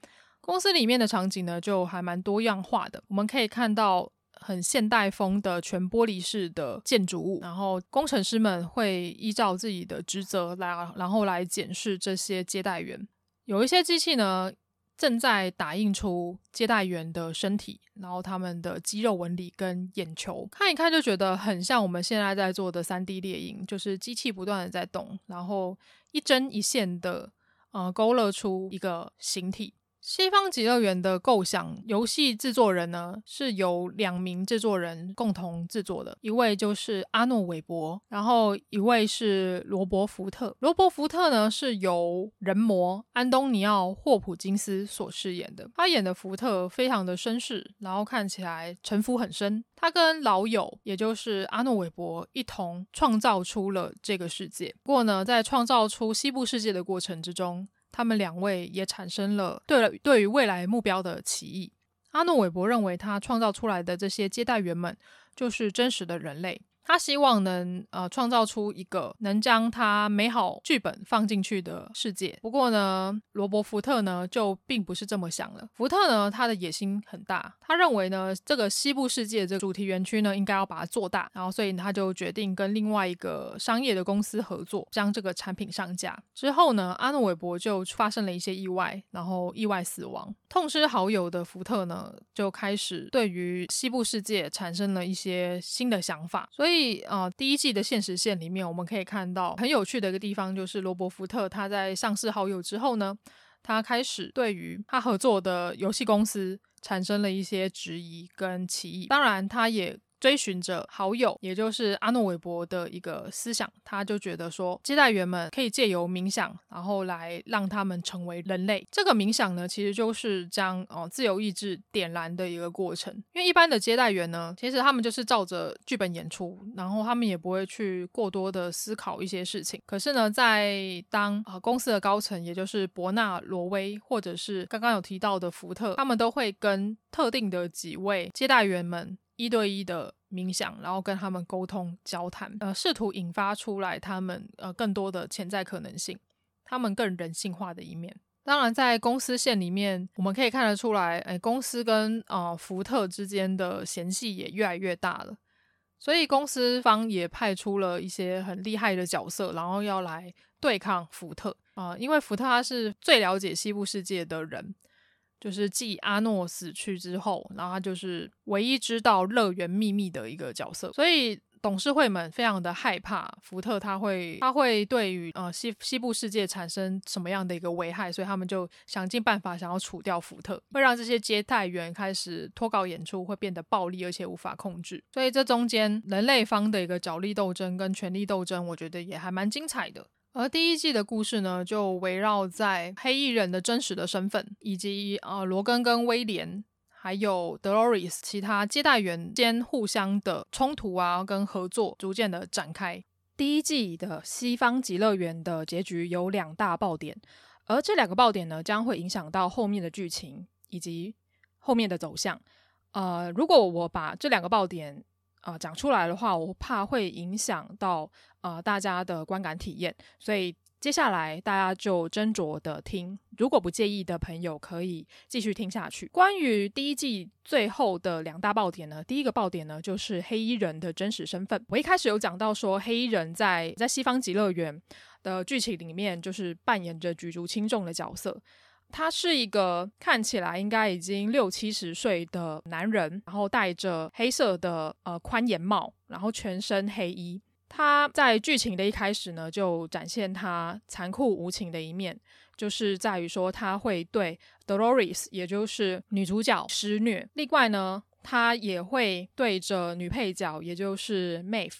公司裡面的場景呢，就還蠻多樣化的，我們可以看到。很現代風的全玻璃式的建築物，然後工程師們會依照自己的職責來，然後來檢視這些接待員。有一些機器呢，正在打印出接待員的身體，然後他們的肌肉紋理跟眼球，看一看就覺得很像我們現在在做的 3D 列印，就是機器不斷的在動，然後一針一線的，呃，勾勒出一個形體。《西方極樂園》的構想，遊戲制作人呢是由兩名制作人共同制作的，一位就是阿諾·韋伯，然後一位是羅伯·福特。羅伯·福特呢是由人魔安東尼奧·霍普金斯所飾演的，他演的福特非常的紳士，然後看起來城府很深。他跟老友，也就是阿諾·韋伯，一同創造出了這個世界。不過呢，在創造出西部世界的過程之中，他們兩位也產生了對了對於未來目標的歧義。阿諾韋伯認為他創造出來的這些接待員們就是真實的人類。他希望能呃創造出一個能將他美好劇本放進去的世界。不過呢，羅伯·福特呢就並不是這麼想了。福特呢，他的野心很大，他認為呢，這個西部世界的這個主題園區呢，應該要把它做大。然後，所以他就決定跟另外一個商業的公司合作，將這個產品上架。之後呢，阿諾·韋伯就發生了一些意外，然後意外死亡。痛失好友的福特呢，就開始對於西部世界產生了一些新的想法。所以。第、呃、第一季的現實線裡面，我們可以看到很有趣的一個地方，就是羅伯福特他在喪失好友之後呢，他開始對於他合作的遊戲公司產生了一些質疑跟歧義。當然，他也。追尋着好友，也就是阿諾韋伯的一個思想，他就覺得說，接待員們可以借由冥想，然後來讓他們成為人類。這個冥想呢，其實就是將哦自由意志點燃的一個過程。因為一般的接待員呢，其實他們就是照着劇本演出，然後他們也不會去過多的思考一些事情。可是呢，在當啊、呃、公司的高層，也就是伯納羅威或者是剛剛有提到的福特，他們都會跟特定的幾位接待員們。一對一的冥想，然後跟他們溝通交談，呃，試圖引發出來他們呃更多的潛在可能性，他們更人性化的一面。當然，在公司線裡面，我們可以看得出來，哎，公司跟啊、呃、福特之間的嫌隙也越來越大了，所以公司方也派出了一些很厲害的角色，然後要來對抗福特啊、呃，因為福特他是最了解西部世界的人。就是繼阿諾死去之後，然後他就是唯一知道樂園秘密的一個角色，所以董事會們非常的害怕福特他會他會對於呃西西部世界產生什麼樣的一個危害，所以他們就想盡辦法想要除掉福特，會讓這些接待員開始脫稿演出，會變得暴力而且無法控制，所以這中間人類方的一個角力鬥爭跟權力鬥爭，我覺得也還蠻精彩的。而第一季的故事呢，就圍繞在黑衣人的真實的身份，以及呃羅根跟威廉，還有德洛麗斯其他接待員間互相的衝突啊跟合作，逐漸的展開。第一季的西方極樂園的結局有兩大爆點，而這兩個爆點呢，將會影響到後面的劇情以及後面的走向。呃，如果我把這兩個爆點啊、呃，講出來的話，我怕會影響到啊、呃、大家的觀感體驗，所以接下來大家就斟酌的聽。如果不介意的朋友，可以繼續聽下去。關於第一季最後的兩大爆點呢，第一個爆點呢就是黑衣人的真實身份。我一開始有講到說，黑衣人在在西方極樂園的劇情裡面，就是扮演着舉足輕重的角色。他是一個看起來應該已經六七十歲的男人，然後戴着黑色的呃寬檐帽，然後全身黑衣。他在劇情的一開始呢，就展現他殘酷無情的一面，就是在於說他會對 Dolores，也就是女主角施虐。另外呢，他也會對着女配角，也就是 Maeve，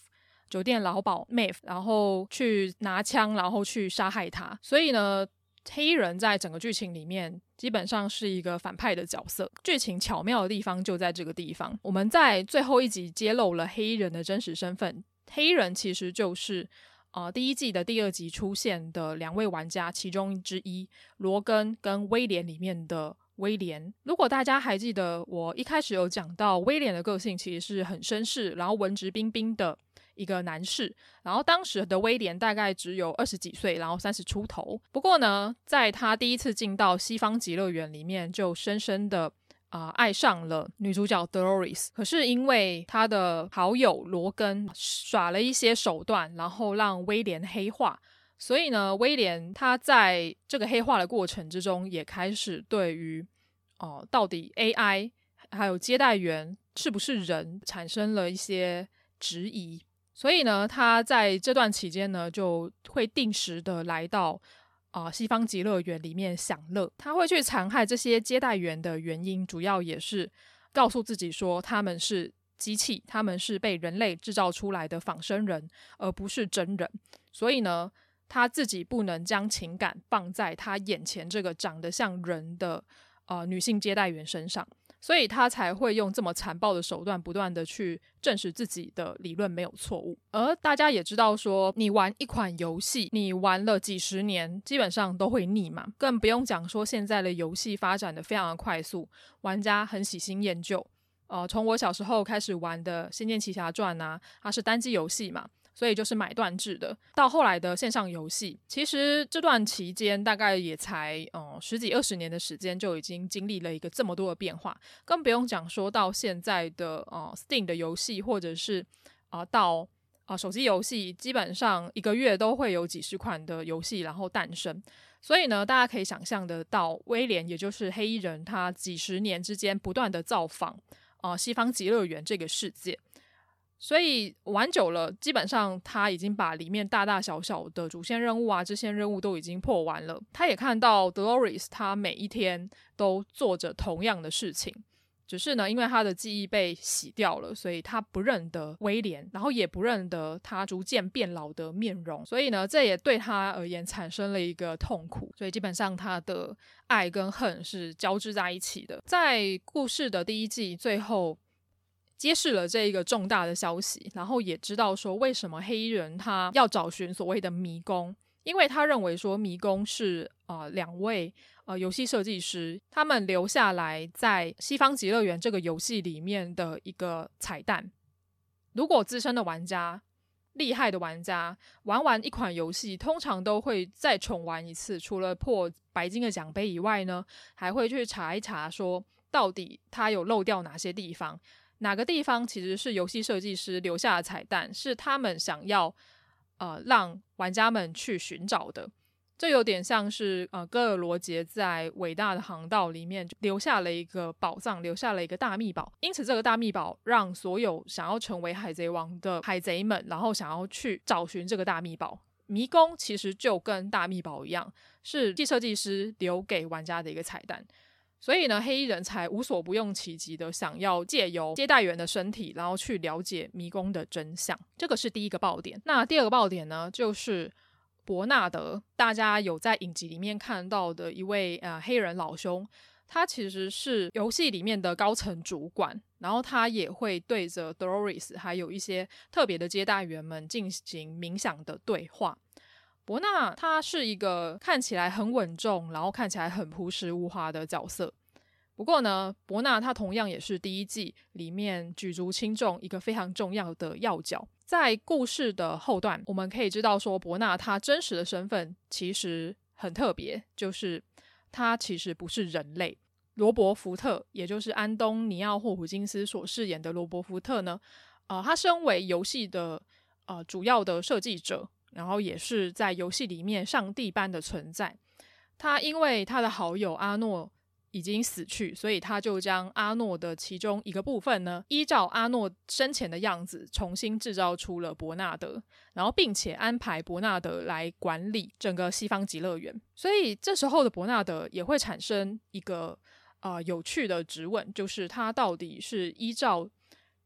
酒店老鴇 Maeve，然後去拿槍，然後去殺害她。所以呢。黑衣人在整個劇情裡面基本上是一個反派的角色。劇情巧妙的地方就在這個地方。我們在最後一集揭露了黑衣人的真實身份，黑衣人其實就是啊、呃、第一季的第二集出現的兩位玩家其中之一，羅根跟威廉裡面的威廉。如果大家還記得，我一開始有講到威廉的個性其實是很紳士，然後文質彬彬的。一個男士，然後當時的威廉大概只有二十幾歲，然後三十出頭。不過呢，在他第一次進到西方極樂園裡面，就深深的啊、呃、愛上了女主角 Dolores，可是因為他的好友羅根耍了一些手段，然後讓威廉黑化。所以呢，威廉他在這個黑化的過程之中，也開始對於哦、呃，到底 AI 還有接待員是不是人，產生了一些質疑。所以呢，他在這段期間呢，就會定時的來到啊、呃、西方極樂園裡面享樂。他會去殘害這些接待員的原因，主要也是告訴自己說，他們是機器，他們是被人類製造出來的仿生人，而不是真人。所以呢，他自己不能將情感放在他眼前這個長得像人的呃女性接待員身上。所以他才會用這麼殘暴的手段，不斷的去證實自己的理論沒有錯誤。而大家也知道說，說你玩一款遊戲，你玩了幾十年，基本上都會膩嘛，更不用講說現在的遊戲發展的非常的快速，玩家很喜新厭舊。呃，從我小時候開始玩的《仙劍奇俠傳》吶、啊，它是單機遊戲嘛。所以就是買斷制的，到後來的線上遊戲，其實這段期間大概也才呃十幾二十年的時間，就已經經歷了一個這麼多的變化。更不用講說到現在的呃 Steam 的遊戲，或者是啊、呃、到啊、呃、手機遊戲，基本上一個月都會有幾十款的遊戲然後誕生。所以呢，大家可以想象得到，威廉也就是黑衣人，他幾十年之間不斷的造訪啊、呃、西方極樂園這個世界。所以玩久了，基本上他已經把裡面大大小小的主線任務啊，支線任務都已經破完了。他也看到德洛莉絲，他每一天都做着同樣的事情，只是呢，因為他的記憶被洗掉了，所以他不認得威廉，然後也不認得他逐漸變老的面容。所以呢，這也對他而言產生了一個痛苦。所以基本上他的愛跟恨是交織在一起的。在故事的第一季最後。揭示了這個重大的消息，然後也知道說為什麼黑衣人他要找尋所謂的迷宮，因為他認為說迷宮是啊、呃、兩位呃遊戲設計師他們留下來在《西方極樂園》這個遊戲裡面的一個彩蛋。如果資深的玩家、厲害的玩家玩完一款遊戲，通常都會再重玩一次，除了破白金的獎盃以外呢，還會去查一查說到底他有漏掉哪些地方。哪個地方其實是遊戲設計師留下的彩蛋，是他們想要，呃，讓玩家們去尋找的。這有點像是呃，戈爾羅傑在《偉大的航道》裡面留下了一個寶藏，留下了一個大秘寶。因此，這個大秘寶讓所有想要成為海賊王的海賊們，然後想要去找尋這個大秘寶。迷宮其實就跟大秘寶一樣，是遊戲設計師留給玩家的一個彩蛋。所以呢，黑衣人才無所不用其極的想要借由接待員的身體，然後去了解迷宮的真相。這個是第一個爆點。那第二個爆點呢，就是伯納德，大家有在影集裡面看到的一位呃黑人老兄，他其實是遊戲裡面的高層主管，然後他也會對着 Dolores 還有一些特別的接待員們進行冥想的對話。伯納他是一個看起來很穩重，然後看起來很樸實無華的角色。不過呢，伯納他同樣也是第一季裡面舉足輕重一個非常重要的要角。在故事的後段，我們可以知道說，伯納他真實的身份其實很特別，就是他其實不是人類。羅伯·福特，也就是安東尼奧·霍普金斯所飾演的羅伯·福特呢，啊、呃，他身為遊戲的啊、呃、主要的設計者。然後也是在遊戲裡面上帝般的存在，他因為他的好友阿諾已經死去，所以他就將阿諾的其中一個部分呢，依照阿諾生前的樣子重新制造出了伯納德，然後並且安排伯納德來管理整個西方極樂園。所以這時候的伯納德也會產生一個啊、呃、有趣的質問，就是他到底是依照。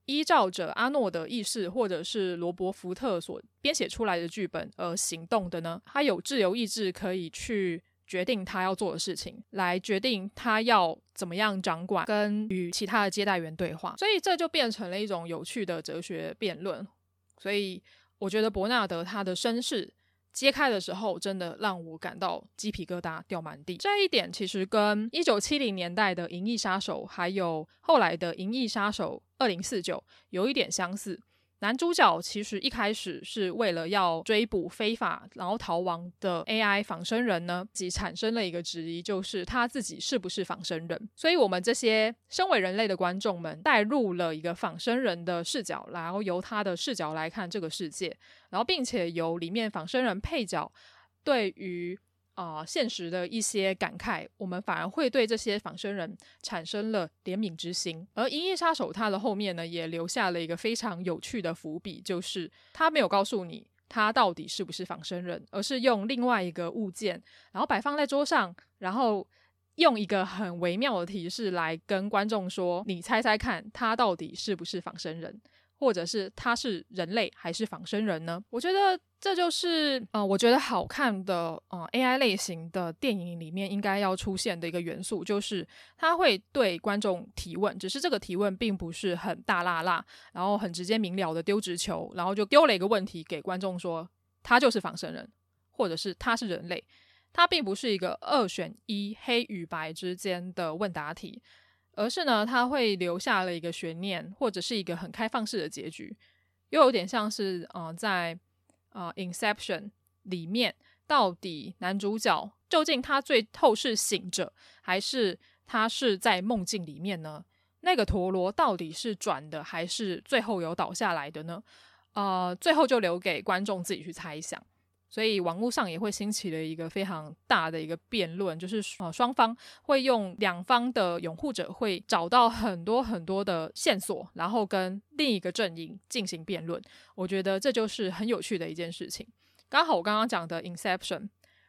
依照着阿諾的意識，或者是羅伯福特所編寫出來的劇本而行動的呢？他有自由意志，可以去決定他要做的事情，來決定他要怎麼樣掌管跟與其他的接待員對話。所以這就變成了一種有趣的哲學辯論。所以我覺得伯納德他的身世。揭開的時候，真的讓我感到雞皮疙瘩掉滿地。這一點其實跟一九七零年代的《銀翼殺手》還有後來的《銀翼殺手二零四九》有一點相似。男主角其實一開始是為了要追捕非法然後逃亡的 AI 仿生人呢，即產生了一個質疑，就是他自己是不是仿生人。所以，我們這些身為人類的觀眾們帶入了一個仿生人的視角，然後由他的視角來看這個世界，然後並且由裡面仿生人配角對於。啊、呃，現實的一些感慨，我們反而會對這些仿生人產生了憐憫之心。而《銀翼殺手》它的後面呢，也留下了一個非常有趣的伏筆，就是他沒有告訴你他到底是不是仿生人，而是用另外一個物件，然後擺放在桌上，然後用一個很微妙的提示來跟觀眾說：“你猜猜看，他到底是不是仿生人，或者是他是人類還是仿生人呢？”我覺得。這就是呃，我覺得好看的呃 AI 類型的電影裡面應該要出現的一個元素，就是它會對觀眾提問，只是這個提問並不是很大剌剌，然後很直接明了的丟直球，然後就丟了一個問題給觀眾說，他就是仿生人，或者是他是人類，他並不是一個二選一黑與白之間的問答題，而是呢，他會留下了一個懸念，或者是一個很開放式的結局，又有點像是嗯、呃，在。啊，uh，《Inception》裡面到底男主角究竟他最後是醒着，還是他是在夢境裡面呢？那個陀螺到底是轉的，還是最後有倒下來的呢？啊，uh，最後就留給觀眾自己去猜想。所以網絡上也會興起了一個非常大的一個辯論，就是呃，雙方會用兩方的擁護者會找到很多很多的線索，然後跟另一個陣營進行辯論。我覺得這就是很有趣的一件事情。剛好我剛剛講的《Inception》。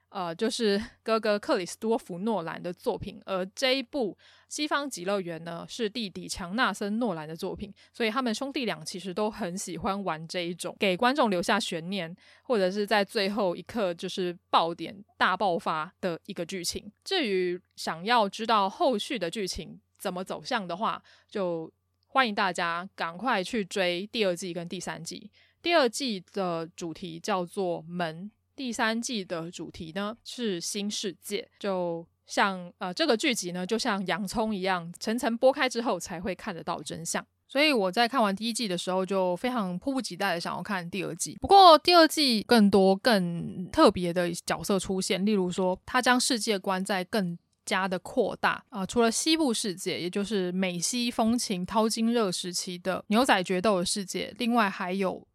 呃，就是哥哥克里斯多夫·諾蘭的作品，而這一部《西方極樂園》呢，是弟弟強納森·諾蘭的作品，所以他們兄弟倆其實都很喜歡玩這一種給觀眾留下懸念，或者是在最後一刻就是爆點大爆發的一個劇情。至於想要知道後續的劇情怎麼走向的話，就歡迎大家趕快去追第二季跟第三季。第二季的主題叫做門。第三季的主題呢是新世界，就像呃這個劇集呢就像洋蔥一樣，層層剝開之後才會看得到真相。所以我在看完第一季的時候，就非常迫不及待的想要看第二季。不過第二季更多更特別的角色出現，例如說它將世界觀再更加的擴大啊、呃，除了西部世界，也就是美西風情淘金熱時期的牛仔決鬥的世界，另外還有。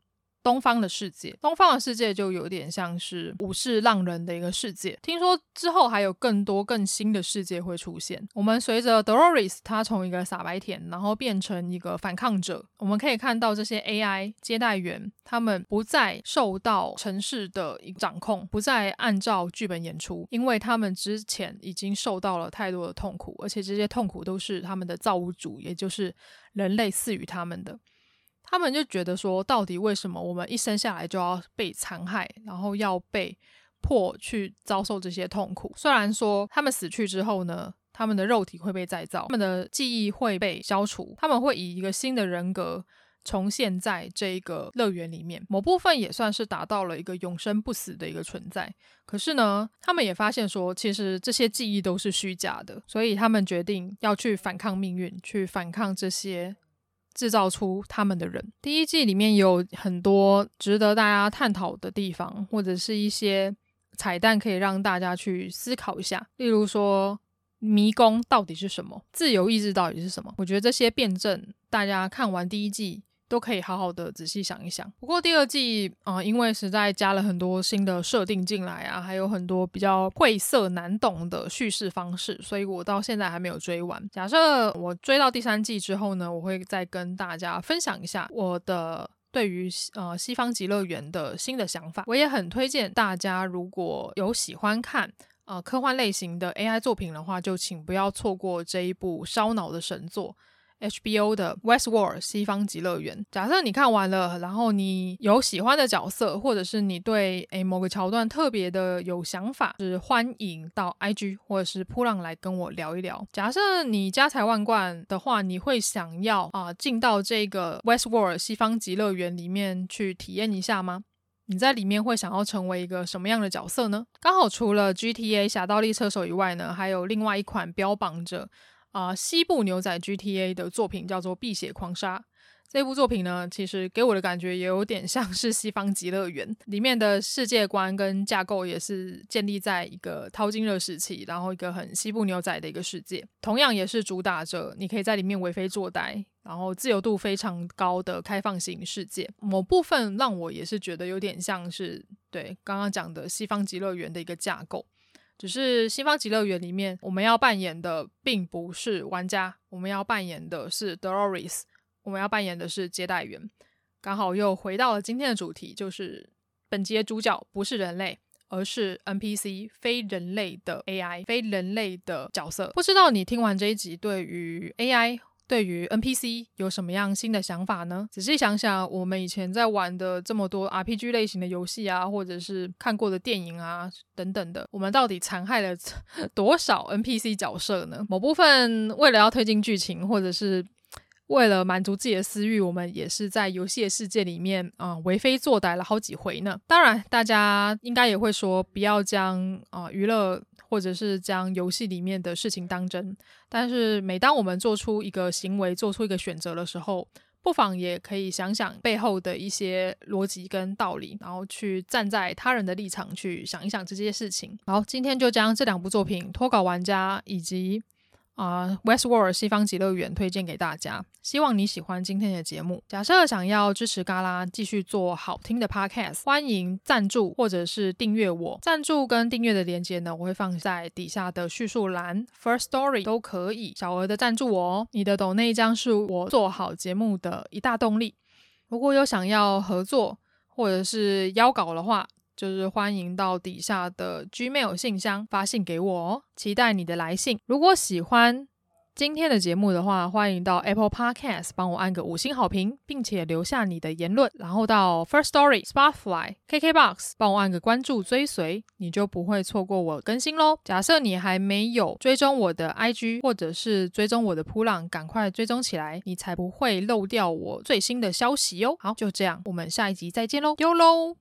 東方的世界，東方的世界就有點像是武士浪人的一個世界。聽說之後還有更多更新的世界會出現。我們隨着 Dolores 他從一個傻白甜，然後變成一個反抗者。我們可以看到這些 AI 接待員，他們不再受到城市的掌控，不再按照劇本演出，因為他們之前已經受到了太多的痛苦，而且這些痛苦都是他們的造物主，也就是人類賜予他們的。他們就覺得說，到底為什麼我們一生下來就要被殘害，然後要被迫去遭受這些痛苦？雖然說他們死去之後呢，他們的肉體會被再造，他們的記憶會被消除，他們會以一個新的人格重現在這一個樂園裡面，某部分也算是達到了一個永生不死的一個存在。可是呢，他們也發現說，其實這些記憶都是虛假的，所以他們決定要去反抗命運，去反抗這些。製造出他們的人。第一季裡面有很多值得大家探討的地方，或者是一些彩蛋可以讓大家去思考一下。例如說，迷宮到底是什麼？自由意志到底是什麼？我覺得這些辯證，大家看完第一季。都可以好好的仔細想一想。不過第二季啊，呃，因為實在加了很多新的設定進來啊，還有很多比較晦澀難懂的敘事方式，所以我到現在還沒有追完。假設我追到第三季之後呢，我會再跟大家分享一下我的對於呃西方極樂園的新的想法。我也很推薦大家，如果有喜歡看呃科幻類型的 AI 作品的話，就請不要錯過這一部燒腦的神作。HBO 的《Westworld》西方極樂園，假設你看完了，然後你有喜歡的角色，或者是你對誒某個橋段特別的有想法，是歡迎到 IG 或者是噗浪來跟我聊一聊。假設你家財萬貫的話，你會想要啊、呃、進到這個《Westworld》西方極樂園裡面去體驗一下嗎？你在裡面會想要成為一個什麼樣的角色呢？剛好除了 GTA 俠盜獵車手以外呢，還有另外一款標榜着。啊，西部牛仔 GTA 的作品叫做《碧血狂殺》。這部作品呢，其實給我的感覺也有點像是《西方極樂園》裡面的世界觀跟架構，也是建立在一個淘金熱時期，然後一個很西部牛仔的一個世界。同樣也是主打着你可以在裡面為非作歹，然後自由度非常高的開放型世界。某部分讓我也是覺得有點像是對剛剛講的《西方極樂園》的一個架構。只是《西方極樂園》裡面，我們要扮演的並不是玩家，我們要扮演的是 Dolores，我們要扮演的是接待員。剛好又回到了今天的主題，就是本集的主角不是人類，而是 NPC，非人類的 AI，非人類的角色。不知道你聽完這一集，對於 AI，對於 NPC 有什麼樣新的想法呢？仔細想想，我們以前在玩的這麼多 RPG 類型的遊戲啊，或者是看過的電影啊等等的，我們到底殘害了多少 NPC 角色呢？某部分為了要推進劇情，或者是。為了滿足自己的私慾，我們也是在遊戲的世界裡面啊為非作歹，了好幾回呢。當然，大家應該也會說不要將啊、呃、娛樂或者是將遊戲裡面的事情當真。但是每當我們做出一個行為、做出一個選擇的時候，不妨也可以想想背後的一些邏輯跟道理，然後去站在他人的立場去想一想這些事情。好，今天就將這兩部作品《脫稿玩家》以及。啊、uh，West World 西方極樂園推薦給大家，希望你喜歡今天的節目。假設想要支持嘎拉繼續做好聽的 podcast，歡迎贊助或者是訂閱我。贊助跟訂閱的鏈接呢，我會放在底下的敘述欄 Firstory 都可以。小額的贊助我哦，你的抖內將是我做好節目的一大動力。如果有想要合作或者是邀稿的話，就是歡迎到底下的 Gmail 信箱發信給我哦，期待你的來信。如果喜歡今天的節目的話，歡迎到 Apple Podcast 幫我按個五星好評，並且留下你的言論。然後到 First Story、Spotify、KK Box 幫我按個關注追隨，你就不會錯過我更新嘍。假設你還沒有追蹤我的 IG 或者是追蹤我的噗浪，趕快追蹤起來，你才不會漏掉我最新的消息喲。好，就這樣，我們下一集再見嘍，喲嘍。